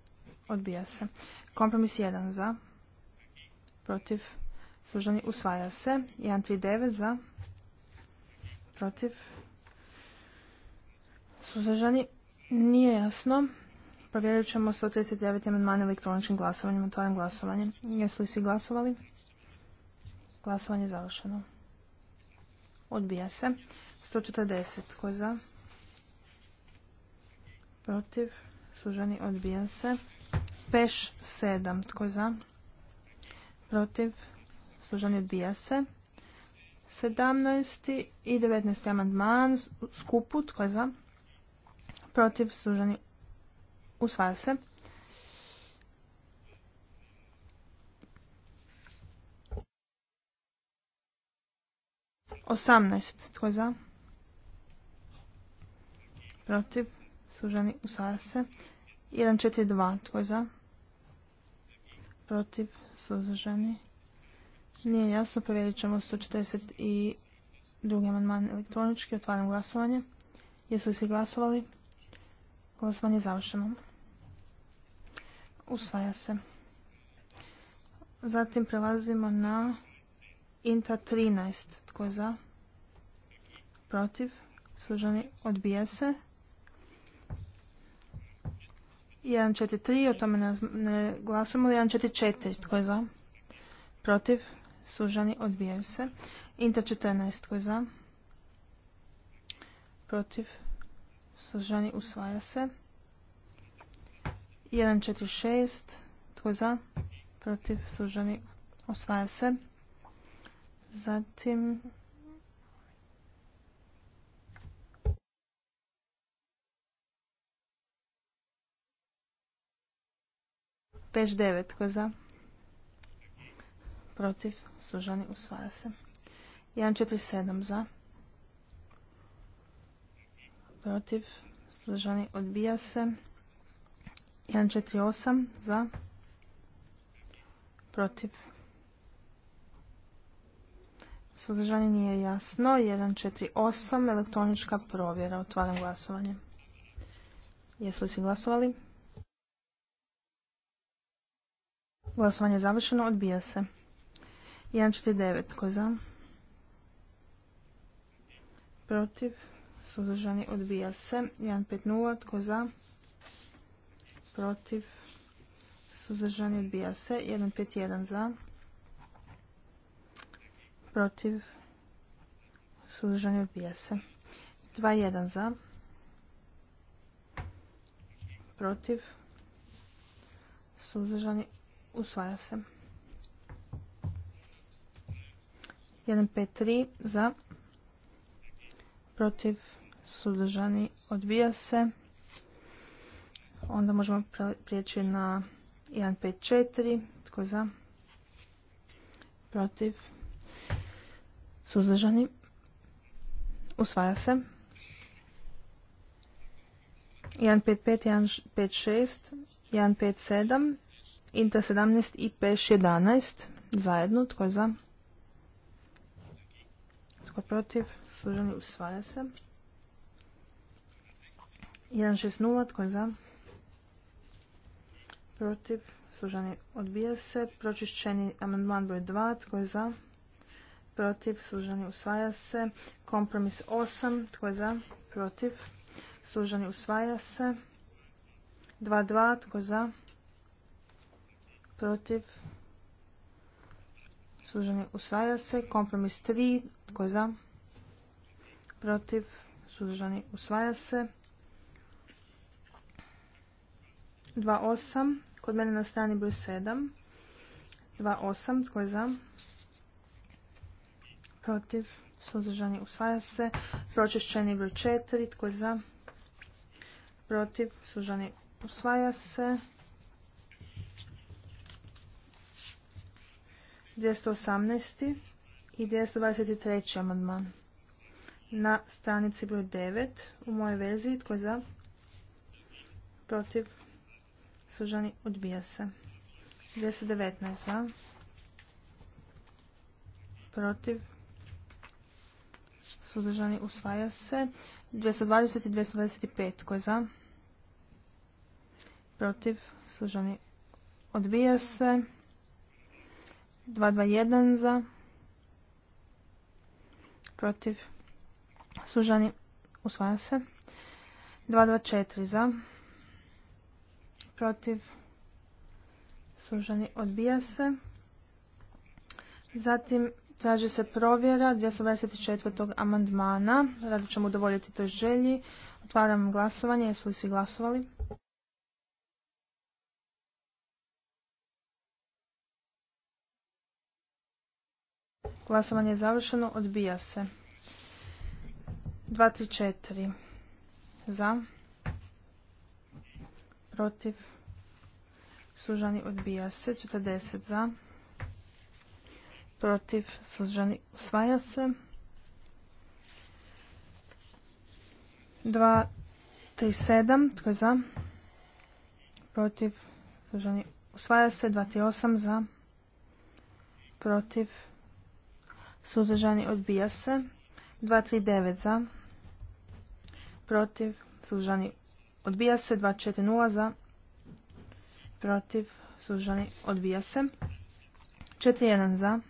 A: odbija se. Kompromis 1 za, protiv, suzdržani, usvaja se. 139 za, protiv, suzdržani, nije jasno. Provjerit ćemo 139 amandmana elektroničkim glasovanjem, otvaram glasovanje. Jesu li svi glasovali? Glasovanje je završeno. Odbija se. 140. Ko je za? Protiv? suženi odbija se. Peš 7. Tko za? Protiv. suženi odbija se. 17. i 19. amandman skupu. Tko za? Protiv. suženi usvaja se. Osamnaest. Tko je za? Protiv sase. usvaja se. 2. tko je za? Protiv, suzdržani. Nije jasno, provjerit ćemo drugi amandman elektronički, otvaram glasovanje. Jesu li svi glasovali? Glasovanje je završeno. Usvaja se. Zatim prelazimo na INTA 13. Tko je za? Protiv? Služani odbija se. 1.4.3, o tome ne glasujemo, ali 1.4.4, tko je za? Protiv, sužani, odbijaju se. Inter, 14, tko je za? Protiv, sužani, usvaja se. 1.4.6, tko je za? Protiv, sužani, usvaja se. Zatim 5-9 tko je za? Protiv. Sužani usvaja se. 1-4-7 za. Protiv. Sužani odbija se. 1-4-8 za. Protiv. Suzdržani nije jasno. 1-4-8 Elektronička provjera. Otvaram glasovanje. Jesu li svi glasovali? Glasovanje je završeno. Odbija se. 1.49. Tko za? Protiv. Suzdržani. Odbija se. 1.50. Tko za? Protiv. Suzdržani. Odbija se. 1.51. Za. Protiv. Suzdržani. Odbija se. 2.1. Za. Protiv. Suzdržani. Usvaja se. 153 za. Protiv suzdržani odbija se. Onda možemo prijeći na 154. Tko je za? Protiv. Suzdržani. Usvaja se. 155, 156, 157 Inta 17 i Peš 11 zajedno. Tko je za? Tko je protiv? Služeni usvaja se. 1.6.0. Tko je za? Protiv? Služeni odbija se. Pročišćeni amandman broj 2. Tko je za? Protiv? Služeni usvaja se. Kompromis 8. Tko je za? Protiv? Služeni usvaja se. 2.2. Tko je za? protiv, suzdržani usvaja se. Kompromis 3, tko je za, protiv, suzdržani usvaja se. 2.8, kod mene na strani broj 7. 2.8, tko je za, protiv, suzdržani usvaja se. Pročišćeni broj 4, tko je za, protiv, suzdržani usvaja se. 218. i 223. amandman. Na stranici broj 9 u mojoj verziji tko je za protiv sužani odbija se. 219 za protiv suzdržani usvaja se. 220 i 225 tko je za protiv suzdržani odbija se. 221 za. Protiv. Sužani. Usvaja se. 224 za. Protiv. Sužani. Odbija se. Zatim traži se provjera 224. amandmana. Radi ćemo udovoljiti toj želji. Otvaram glasovanje. Jesu li svi glasovali? Glasovanje je završeno. Odbija se. 234. Za. Protiv. Sužani odbija se. 40 za. Protiv. Sužani usvaja se. 2, 237. Tko je za? Protiv. Sužani usvaja se. 238 za. Protiv suzdržani, odbija se. 239 za, protiv, suzdržani, odbija se. 240 za, protiv, suzdržani, odbija se. 41 za,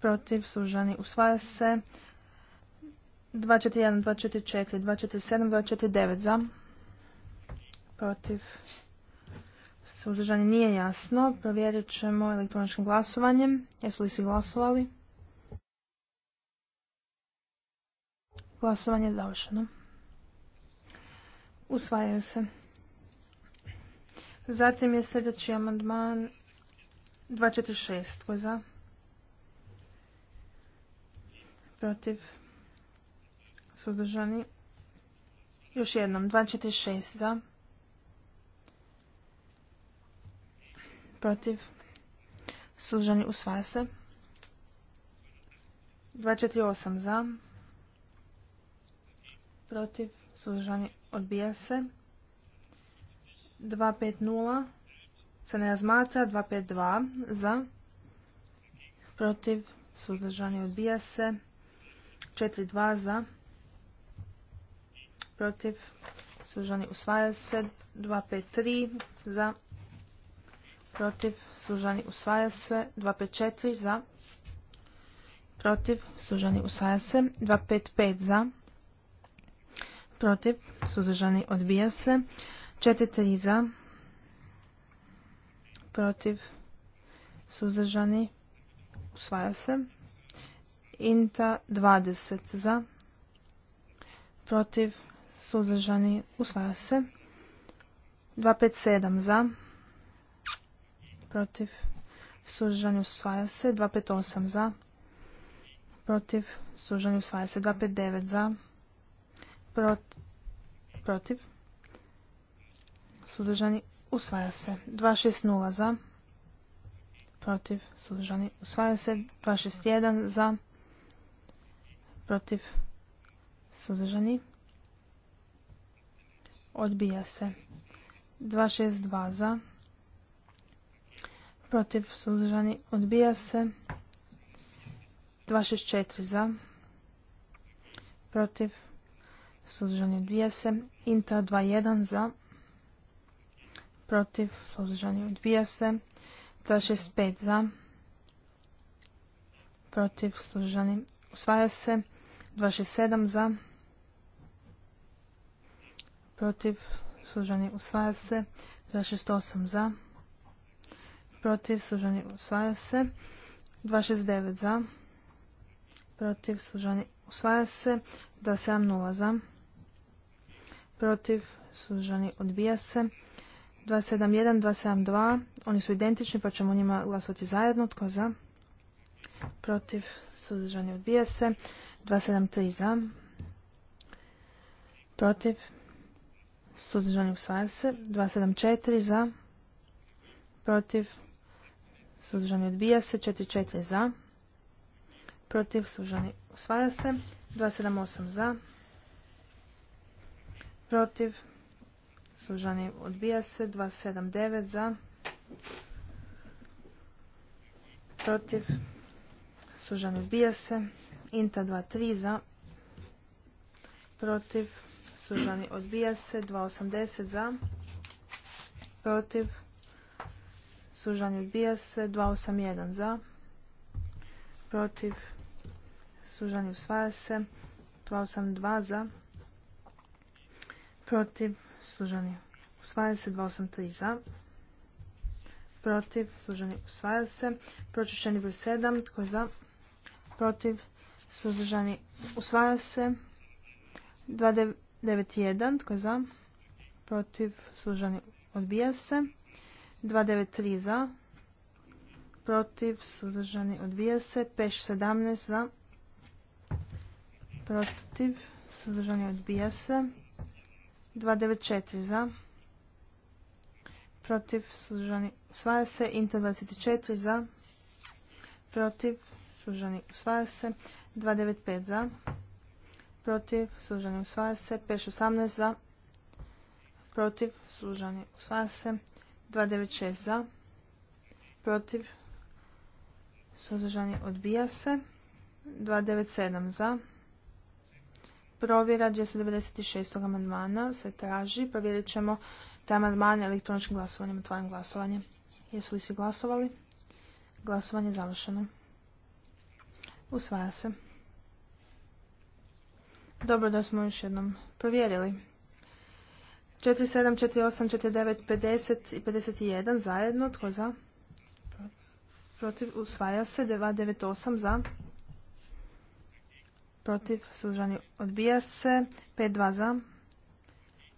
A: protiv, suzdržani, usvaja se. 241, 244, 247, 249 za, protiv, Suzdržani nije jasno. Provjerit ćemo elektroničkim glasovanjem. Jesu li svi glasovali? Glasovanje je završeno. Usvajaju se. Zatim je sljedeći amandman 246. Ko je za? Protiv? Suzdržani? Još jednom. 246 za? protiv, suženi usvaja se. 248 za, protiv, suženi odbija se. 250 se ne razmatra, 252 za, protiv, suzdržani, odbija se. 42 za, protiv, suzdržani, usvaja se. 253 za, protiv, sužani, usvaja se. 254 za, protiv, sužani, usvaja se. 255 za, protiv, suzdržani, odbija se. 43 za, protiv, suzdržani, usvaja se. Inta 20 za, protiv, suzdržani, usvaja se. 257 za, protiv, suzdržani usvaja se, 258 za, protiv, suzdržani usvaja se, 259 za, protiv, suzdržani usvaja se, 260 za, protiv, suzdržani usvaja se, 261 za, protiv, suzdržani odbija se, 262 za, protiv, suzdržani, odbija se. 264 za, protiv, suzdržani, odbija se. Inta 21 za, protiv, suzdržani, odbija se. 265 za, protiv, suzdržani, usvaja se. 267 za, protiv, suzdržani, usvaja se. 268 za, protiv, suzdržani usvaja se. 269 za, protiv, sužani, usvaja se. 270 za, protiv, sužani, odbija se. 271, 272, oni su identični pa ćemo njima glasovati zajedno. Tko za? Protiv, suzdržani, odbija se. 273 za, protiv, suzdržani, usvaja se. 274 za, protiv, Suzdržani odbija se. 4-4 za. Protiv suzdržani usvaja se. 2-7-8 za. Protiv suzdržani odbija se. 2-7-9 za. Protiv suzdržani odbija se. Inta 2-3 za. Protiv suzdržani odbija se. 2-8-10 za. Protiv suzdržani odbija se sužanje odbija se 281 za protiv sužanje usvaja se 282 za protiv sužanje usvaja se 283 za protiv sužanje usvaja se pročišćeni broj 7 tko je za protiv suzdržani usvaja se 291 tko je za protiv suzdržani odbija se 293 za, protiv, suzdržani, odbija se. 517 za, protiv, suzdržani, odbija se. 294 za, protiv, suzdržani, usvaja se. Inter 24 za, protiv, suzdržani, usvaja se. 295 za, protiv, suzdržani, usvaja se. 518 za, protiv, suzdržani, usvaja se. 296 za, protiv, suzdržani odbija se. 297 za, provjera 296. amandmana se traži. Provjerit ćemo te amandmane elektroničkim glasovanjem. Otvaram glasovanje. Jesu li svi glasovali? Glasovanje je završeno. Usvaja se. Dobro da smo još jednom provjerili. 49, 50 i 51 zajedno. Tko za? Protiv usvaja se. 298 za. Protiv sužani odbija se. 52 za.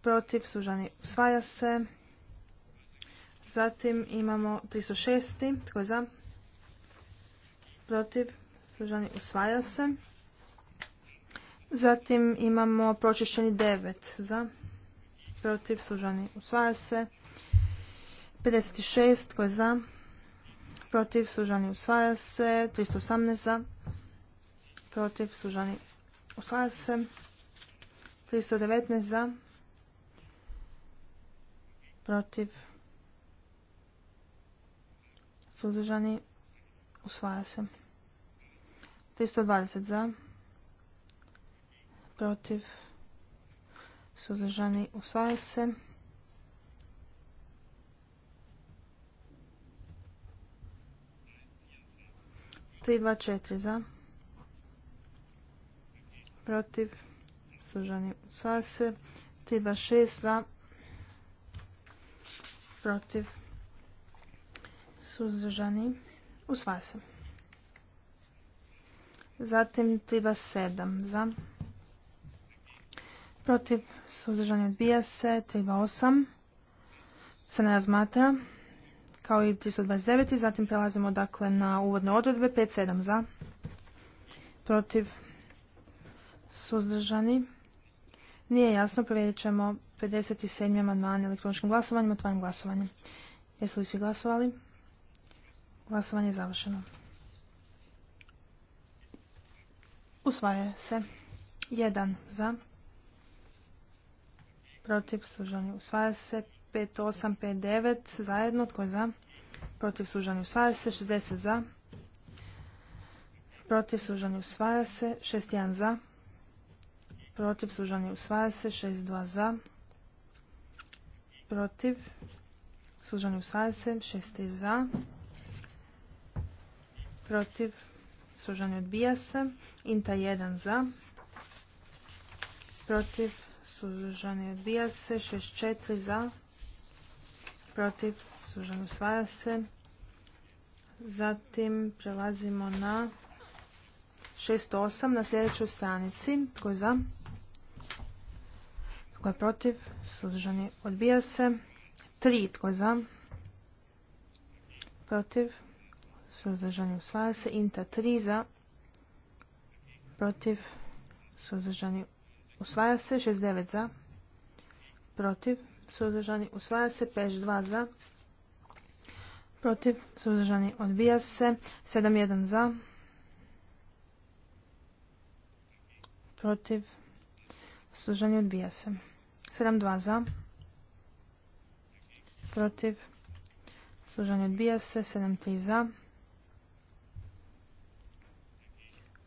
A: Protiv sužani usvaja se. Zatim imamo 306. Tko je za? Protiv sužani usvaja se. Zatim imamo pročišćeni 9 za. Protiv protiv, Služani usvaja se. 56 tko je za, protiv, Služani usvaja se. 318 za, protiv, Služani usvaja se. 319 za, protiv, suzdržani, usvaja se. 320 za, protiv, suzdržani, usvaja se. Tri, dva, četiri za. Protiv, suzdržani, usvaja se. Tri, dva, šest za. Protiv, suzdržani, usvaja se. Zatim sedam za protiv, suzdržani odbija se, osam, se ne razmatra, kao i 329. Zatim prelazimo dakle na uvodne odredbe, 57 za, protiv, suzdržani, nije jasno, provjerit ćemo 57. amandman elektroničkim glasovanjem, otvaram glasovanje. Jesu li svi glasovali? Glasovanje je završeno. Usvaja se. jedan za, protiv sužani usvaja se 5859 zajedno tko je za protiv sužani usvaja se 60 za protiv sužani usvaja se 61 za protiv sužani usvaja se 62 za protiv sužani usvaja se 6 za protiv sužani odbija se inta 1 za protiv suzdržani odbija se, 64 za, protiv, suzdržani usvaja se. Zatim prelazimo na 608 na sljedećoj stranici. Tko je za? Tko je protiv? Suzdržani odbija se. 3. Tko je za? Protiv? Suzdržani usvaja se. Inta 3 za? Protiv? Suzdržani Usvaja se 69 za. Protiv. Suzdržani. Usvaja se 52 za. Protiv. Suzdržani. Odbija se. 71 za. Protiv. Suzdržani. Odbija se. 72 za. Protiv. Suzdržani. Odbija se. 73 za.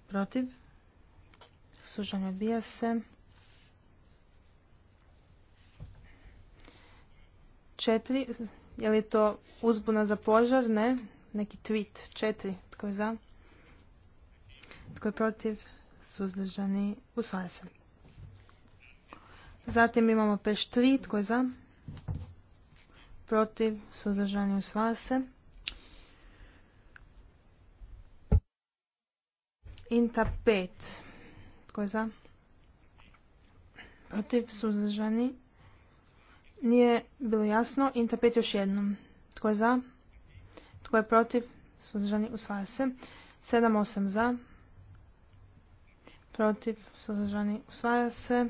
A: Protiv. Suzdržani. Odbija se. Četiri, je li to uzbuna za požar? Ne. Neki tweet. Četiri. Tko je za? Tko je protiv? Suzdržani. Usvaja se. Zatim imamo peš tri, Tko je za? Protiv. Suzdržani. Usvaja se. Inta 5. Tko je za? Protiv. Suzdržani. Nije bilo jasno. Inta 5 još jednom. Tko je za? Tko je protiv? Suzdržani usvaja se. 7-8 za. Protiv. Suzdržani usvaja se.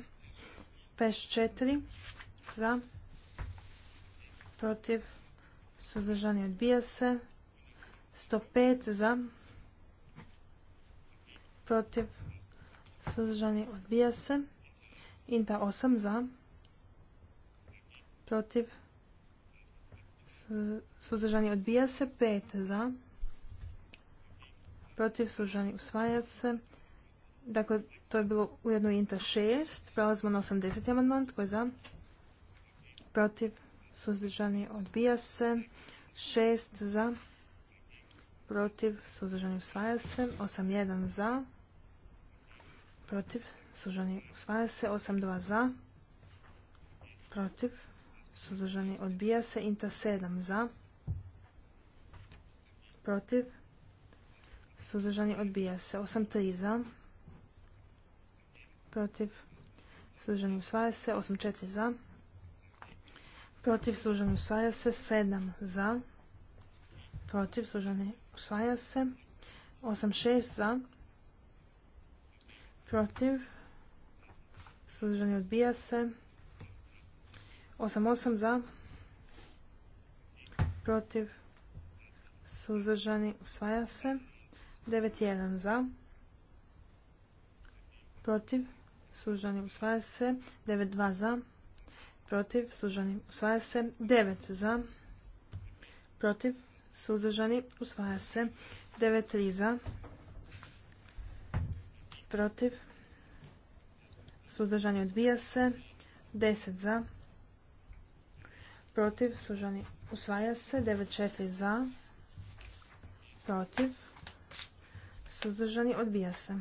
A: 5-4 za. Protiv. Suzdržani odbija se. 105 za. Protiv. Suzdržani odbija se. Inta 8 za protiv, suzdržani odbija se, pet za, protiv, suzdržani usvaja se. Dakle, to je bilo ujedno inta šest. prelazimo na 80. amandman, tko je za, protiv, suzdržani odbija se, Šest za, protiv, suzdržani usvaja se, jedan za, protiv, suzdržani usvaja se, dva za, protiv, suzdržani odbija se, inta 7 za, protiv, suzdržani odbija se, 8 3 za, protiv, suzdržani usvaja se, 8-4 za, protiv, suzdržani usvaja se, 7 za, protiv, suzdržani usvaja se, 6 za, protiv, suzdržani odbija se, 88 za, protiv, suzdržani, usvaja se. 91 za, protiv, suzdržani, usvaja se. 92 za, protiv, suzdržani, usvaja se. 9 za, protiv, suzdržani, usvaja se. 93 za, protiv, suzdržani, odbija se. 10 za, protiv, protiv, sužani, usvaja se, 94 za, protiv, suzdržani, odbija se.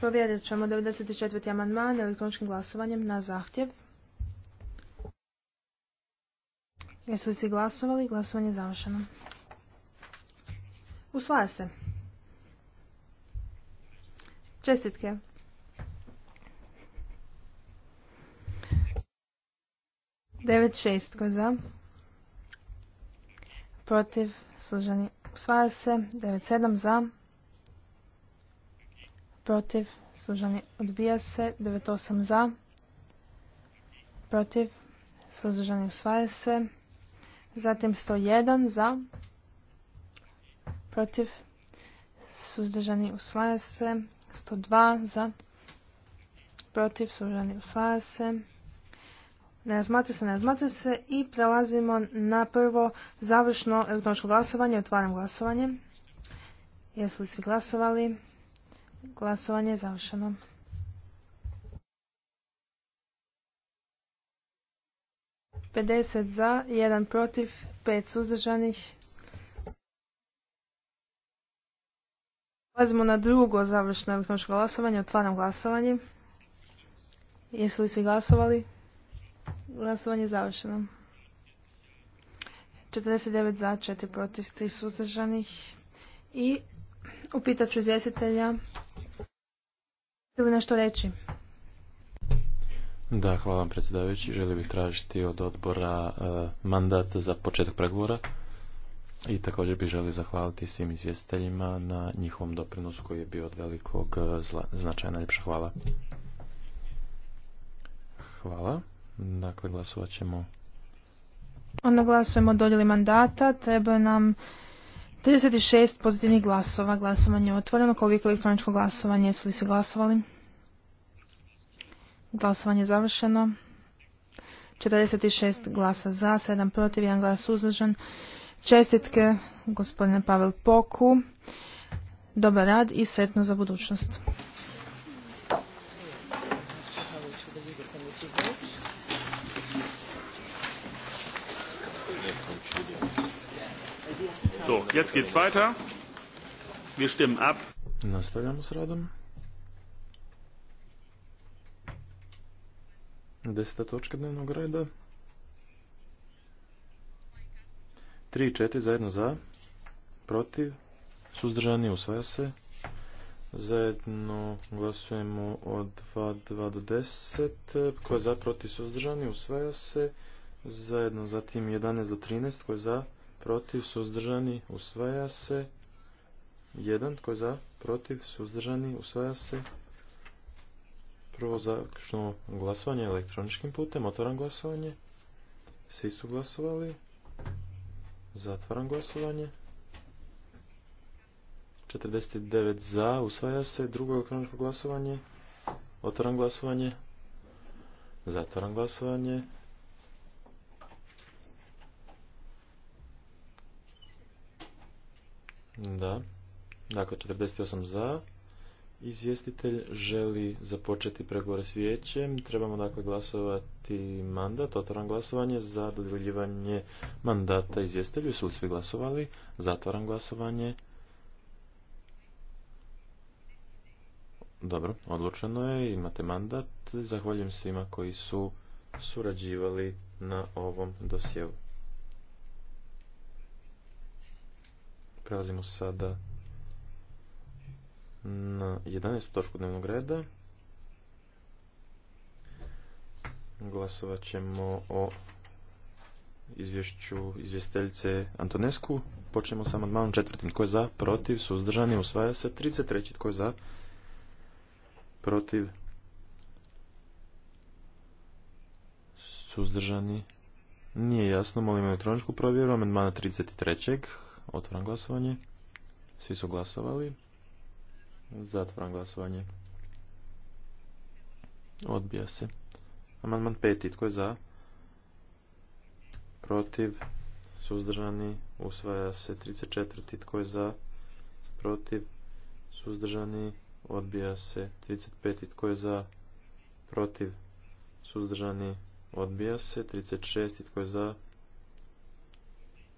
A: Provjerit ćemo 94. amandman elektroničkim glasovanjem na zahtjev. Jesu li svi glasovali? Glasovanje je završeno. Usvaja se. Čestitke 9.6. Tko za? Protiv. služani Usvaja se. 9.7. Za. Protiv. služani Odbija se. 9.8. Za. Protiv. Suzdržani. Usvaja se. Zatim 101. Za. Protiv. Suzdržani. Usvaja se. 102. Za. Protiv. Suzdržani. Usvaja se. Ne razmatra se, ne razmatra se i prelazimo na prvo završno elektroničko glasovanje. Otvaram glasovanje. Jesu li svi glasovali? Glasovanje je završeno. Pedeset za, jedan protiv, pet suzdržanih. Prelazimo na drugo završno elektroničko glasovanje. Otvaram glasovanje. Jesu li svi glasovali? Glasovanje je završeno. 49 za, 4 protiv, 3 suzdržanih. I upitat ću izvjestitelja li nešto reći.
B: Da, hvala vam predsjedavajući. Želio bih tražiti od odbora e, mandat za početak pregovora i također bih želio zahvaliti svim izvjestiteljima na njihovom doprinosu koji je bio od velikog e, značaja. Najljepša hvala. Hvala. Dakle, glasovat ćemo.
A: Onda glasujemo o dodjeli mandata. Treba nam 36 pozitivnih glasova. Glasovanje je otvoreno. Kao uvijek elektroničko glasovanje. Jesu li svi glasovali? Glasovanje je završeno. 46 glasa za, 7 protiv, 1 glas uzdržan. Čestitke gospodine Pavel Poku. Dobar rad i sretno za budućnost.
B: jetzt geht's weiter. Nastavljamo s radom. Deseta točka dnevnog reda. Tri i četiri zajedno za, protiv, suzdržani usvaja se. Zajedno glasujemo od 2, dva do 10. Tko je za, protiv, suzdržani usvaja se. Zajedno zatim jedanaest do trinaest Tko je za, protiv, suzdržani, usvaja se. Jedan tko je za, protiv, suzdržani, usvaja se. Prvo zaključno glasovanje elektroničkim putem. Otvaram glasovanje. Svi su glasovali. Zatvaram glasovanje. 49 za, usvaja se. Drugo elektroničko glasovanje. Otvaram glasovanje. Zatvaram glasovanje. Da. Dakle, 48 za. Izvjestitelj želi započeti pregovore s vijećem. Trebamo dakle glasovati mandat, otvaram glasovanje za dodjeljivanje mandata izvjestitelju. Su svi glasovali? Zatvaram glasovanje. Dobro, odlučeno je, imate mandat. Zahvaljujem svima koji su surađivali na ovom dosjevu. Prelazimo sada na 11. točku dnevnog reda. Glasovat ćemo o izvješću izvjesteljice Antonesku. Počnemo sa amandmanom četvrtim. Tko je za? Protiv? Suzdržani? Usvaja se. 33. Tko je za? Protiv? Suzdržani? Nije jasno. Molim elektroničku provjeru. Amandmana 33. Otvaram glasovanje. Svi su glasovali. Zatvaram glasovanje. Odbija se. Amandman peti. Tko je za? Protiv. Suzdržani. Usvaja se. 34. Tko je za? Protiv. Suzdržani. Odbija se. 35. Tko je za? Protiv. Suzdržani. Odbija se. 36. Tko je za?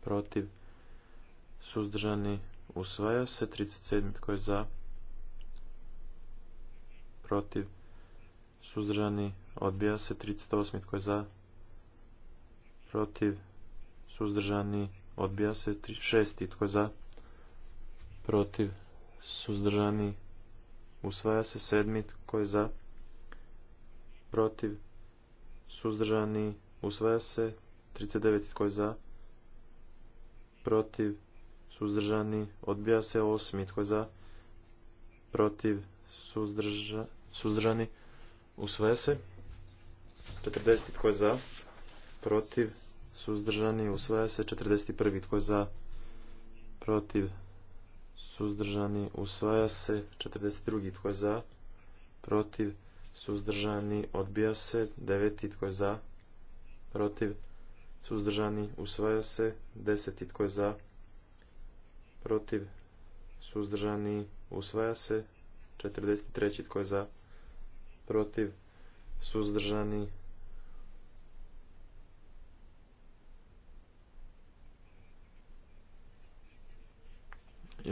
B: Protiv suzdržani, usvaja se. 37. Tko je za? Protiv, suzdržani, odbija se. 38. Tko je za? Protiv, suzdržani, odbija se. 36. Tko je za? Protiv, suzdržani, usvaja se. 7. Tko je za? Protiv, suzdržani, usvaja se. 39. Tko je za? Protiv, suzdržani, odbija se osmi, tko za, protiv, suzdrža, suzdržani, usvaja se, 40, tko je za, protiv, suzdržani, usvaja se, 41, tko za, protiv, suzdržani, usvaja se, 42, tko za, protiv, suzdržani, odbija se, 9, tko je za, protiv, suzdržani, usvaja se, 10, tko za, protiv, suzdržani, usvaja se. 43. tko je za, protiv, suzdržani,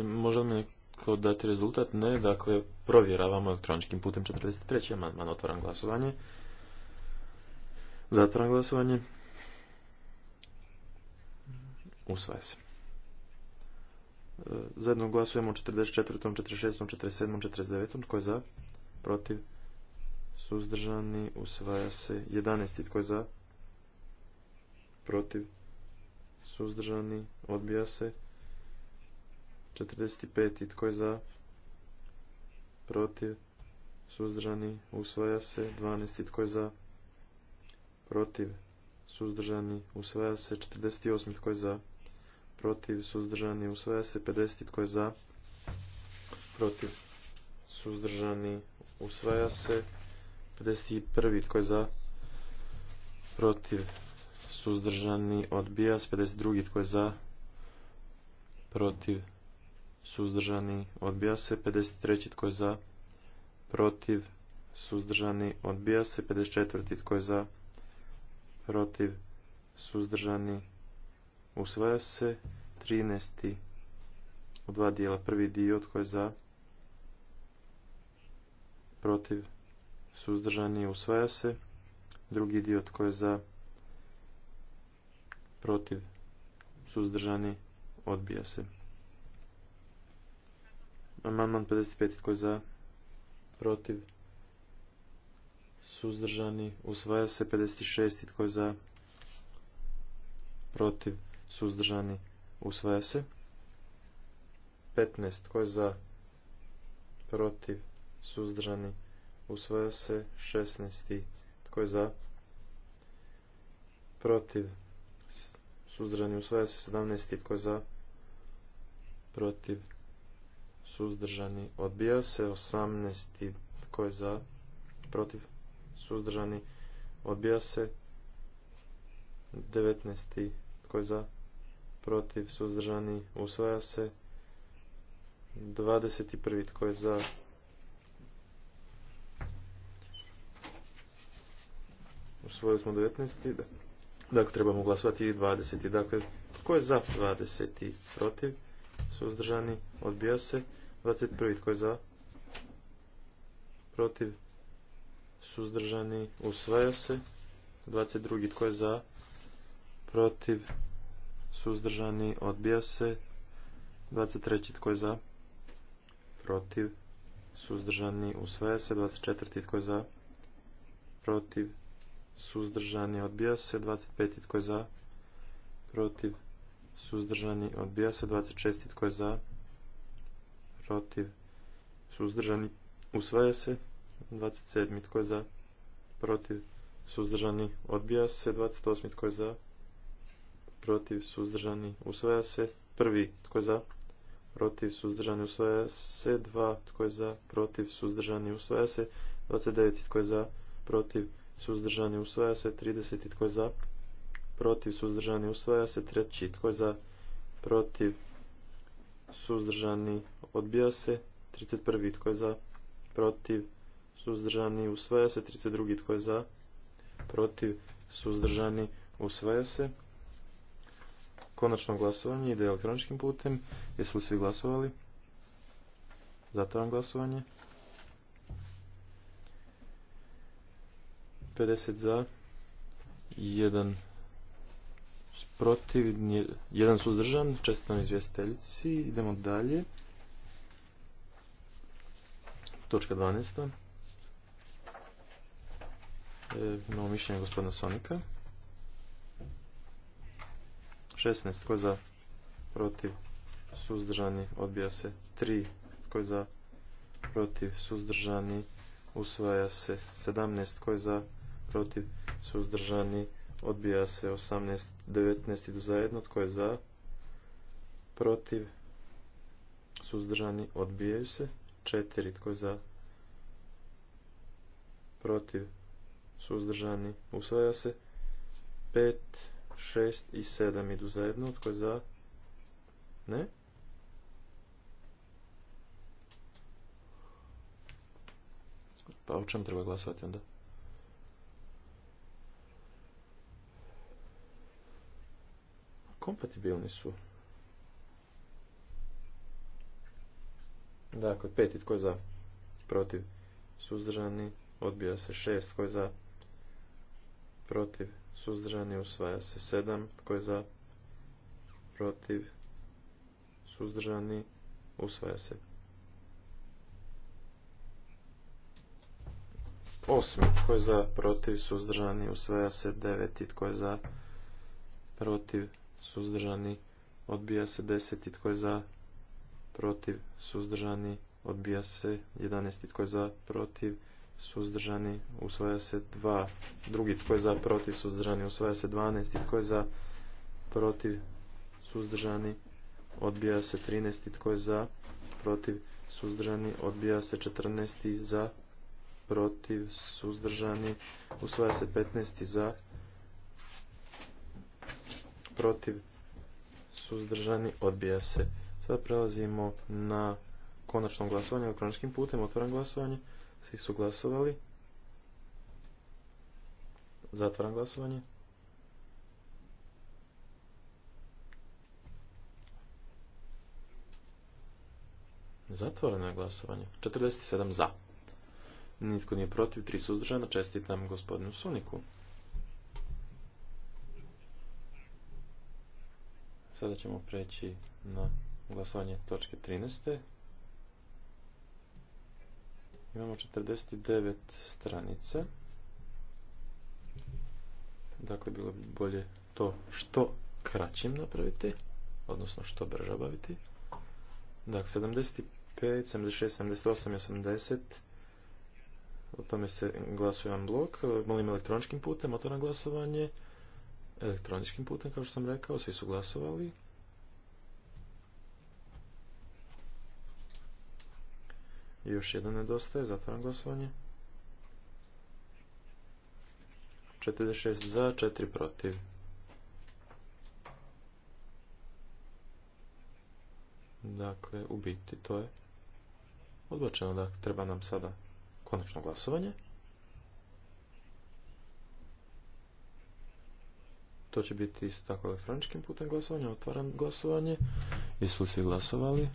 B: možemo mi neko dati rezultat? Ne, dakle, provjeravamo elektroničkim putem 43. amandman. Otvaram glasovanje. Zatvaram glasovanje. Usvaja se. Zajedno glasujemo 44., 46., 47., 49. Tko je za? Protiv? Suzdržani? Usvaja se. 11. Tko je za? Protiv? Suzdržani? Odbija se. 45. Tko je za? Protiv? Suzdržani? Usvaja se. 12. Tko je za? Protiv? Suzdržani? Usvaja se. 48. Tko je za? protiv, suzdržani, usvaja se 50, tko za, protiv, suzdržani, usvaja se 51, tko je za, protiv, suzdržani, odbija se 52, tko je za, protiv, suzdržani, odbija se 53, tko je za, protiv, suzdržani, odbija se 54, tko je za, protiv, suzdržani, usvaja se 13. u dva dijela. Prvi dio tko je za, protiv, suzdržani, usvaja se. Drugi dio tko je za, protiv, suzdržani, odbija se. Amandman 55. tko je za, protiv, suzdržani, usvaja se. 56. tko je za, protiv, suzdržani, usvaja se. 15. Tko je za, protiv, suzdržani, usvaja se. 16. Tko je za, protiv, suzdržani, usvaja se. 17. Tko je za, protiv, suzdržani, odbija se. 18. Tko je za, protiv, suzdržani, odbija se. 19. Tko je za? protiv, suzdržani, usvaja se. 21. tko je za, usvojili smo 19. Dakle, trebamo glasovati i 20. Dakle, tko je za 20. protiv, suzdržani, odbija se. 21. tko je za, protiv, suzdržani, usvaja se. 22. tko je za, protiv, suzdržani, odbija se. 23. tko je za, protiv, suzdržani, usvaja se. 24. tko je za, protiv, suzdržani, odbija se. 25. tko je za, protiv, suzdržani, odbija se. 26. tko je za, protiv, suzdržani, usvaja se. 27. tko je za, protiv, suzdržani, odbija se. 28. tko je za, protiv, suzdržani, usvaja se. Prvi, tko je za, protiv, suzdržani, usvaja se. Dva, tko je za, protiv, suzdržani, usvaja se. 29, tko je za, protiv, suzdržani, usvaja se. 30, tko je za, protiv, suzdržani, usvaja se. Treći, tko je za, protiv, suzdržani, odbija se. 31, tko je za, protiv, suzdržani, usvaja se. 32, tko je za, protiv, suzdržani, usvaja se konačno glasovanje ide elektroničkim putem. Jesu li svi glasovali? Zatavam glasovanje. 50 za, 1 protiv, 1 suzdržan, čestitam izvjestiteljici. Idemo dalje. Točka 12. E, novo mišljenje gospodina Sonika. 16. Tko za? Protiv. Suzdržani. Odbija se. 3. koji za? Protiv. Suzdržani. Usvaja se. 17. koji za? Protiv. Suzdržani. Odbija se. 18. 19. za zajedno. Tko je za? Protiv. Suzdržani. Odbijaju se. 4. Tko je za? Protiv. Suzdržani. Usvaja se. 5 šest i sedam idu zajedno. Tko je za? Ne? Pa o čemu treba glasovati onda? Kompatibilni su. Dakle, peti tko je za? Protiv. Suzdržani. Odbija se šest tko je za? Protiv suzdržani, usvaja se 7, tko je za, protiv, suzdržani, usvaja se. Osmi, tko je za, protiv, suzdržani, usvaja se. Deveti, tko je za, protiv, suzdržani, odbija se. Deseti, tko je za, protiv, suzdržani, odbija se. Jedanesti, tko je za, protiv, suzdržani, usvaja se dva Drugi tko je za, protiv, suzdržani, usvaja se 12. Tko je za, protiv, suzdržani, odbija se 13. Tko je za, protiv, suzdržani, odbija se 14. Za, protiv, suzdržani, usvaja se 15. Za, protiv, suzdržani, odbija se. Sada prelazimo na konačno glasovanje elektroničkim putem, otvoram glasovanje. Svi su glasovali. Zatvaram glasovanje. Zatvoreno je glasovanje. 47 za. Nitko nije protiv, tri suzdržana. Čestitam gospodinu Suniku. Sada ćemo preći na glasovanje točke 13. Imamo 49 stranica. Dakle, bilo bi bolje to što kraćim napraviti, odnosno što brže obaviti. Dakle, 75, 76, 78 80. O tome se glasuje blok. Molim elektroničkim putem, motorno glasovanje. Elektroničkim putem, kao što sam rekao, svi su glasovali. Još jedan nedostaje, zatvaram glasovanje. 46 za, 4 protiv. Dakle, u biti to je odbačeno. da treba nam sada konačno glasovanje. To će biti isto tako elektroničkim putem glasovanja. Otvaram glasovanje. Jesu svi glasovali?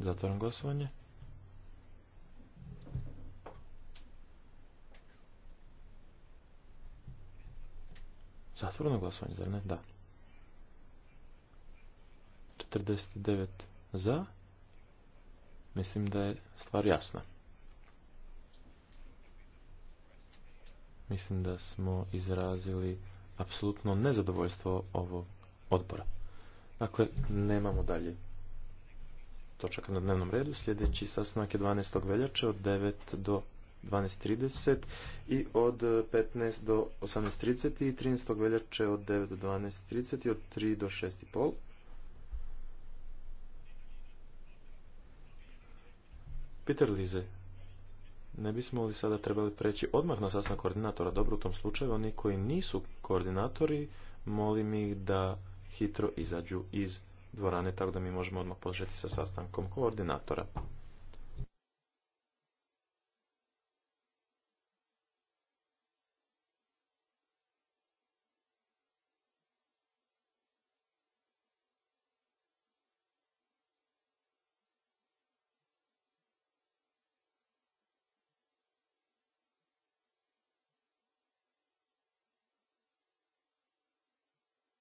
B: Zatvaram glasovanje. Zatvoreno glasovanje, zar ne? Da. 49 za. Mislim da je stvar jasna. Mislim da smo izrazili apsolutno nezadovoljstvo ovog odbora. Dakle, nemamo dalje točaka na dnevnom redu. Sljedeći sastanak je 12. veljače od 9 do 12.30 i od 15 do 18.30 i 13. veljače od 9 do 12.30 i od 3 do 6.30. Peter Lize, ne bismo li sada trebali preći odmah na sastanak koordinatora? Dobro, u tom slučaju oni koji nisu koordinatori, molim ih da hitro izađu iz dvorane, tako da mi možemo odmah početi sa sastankom koordinatora.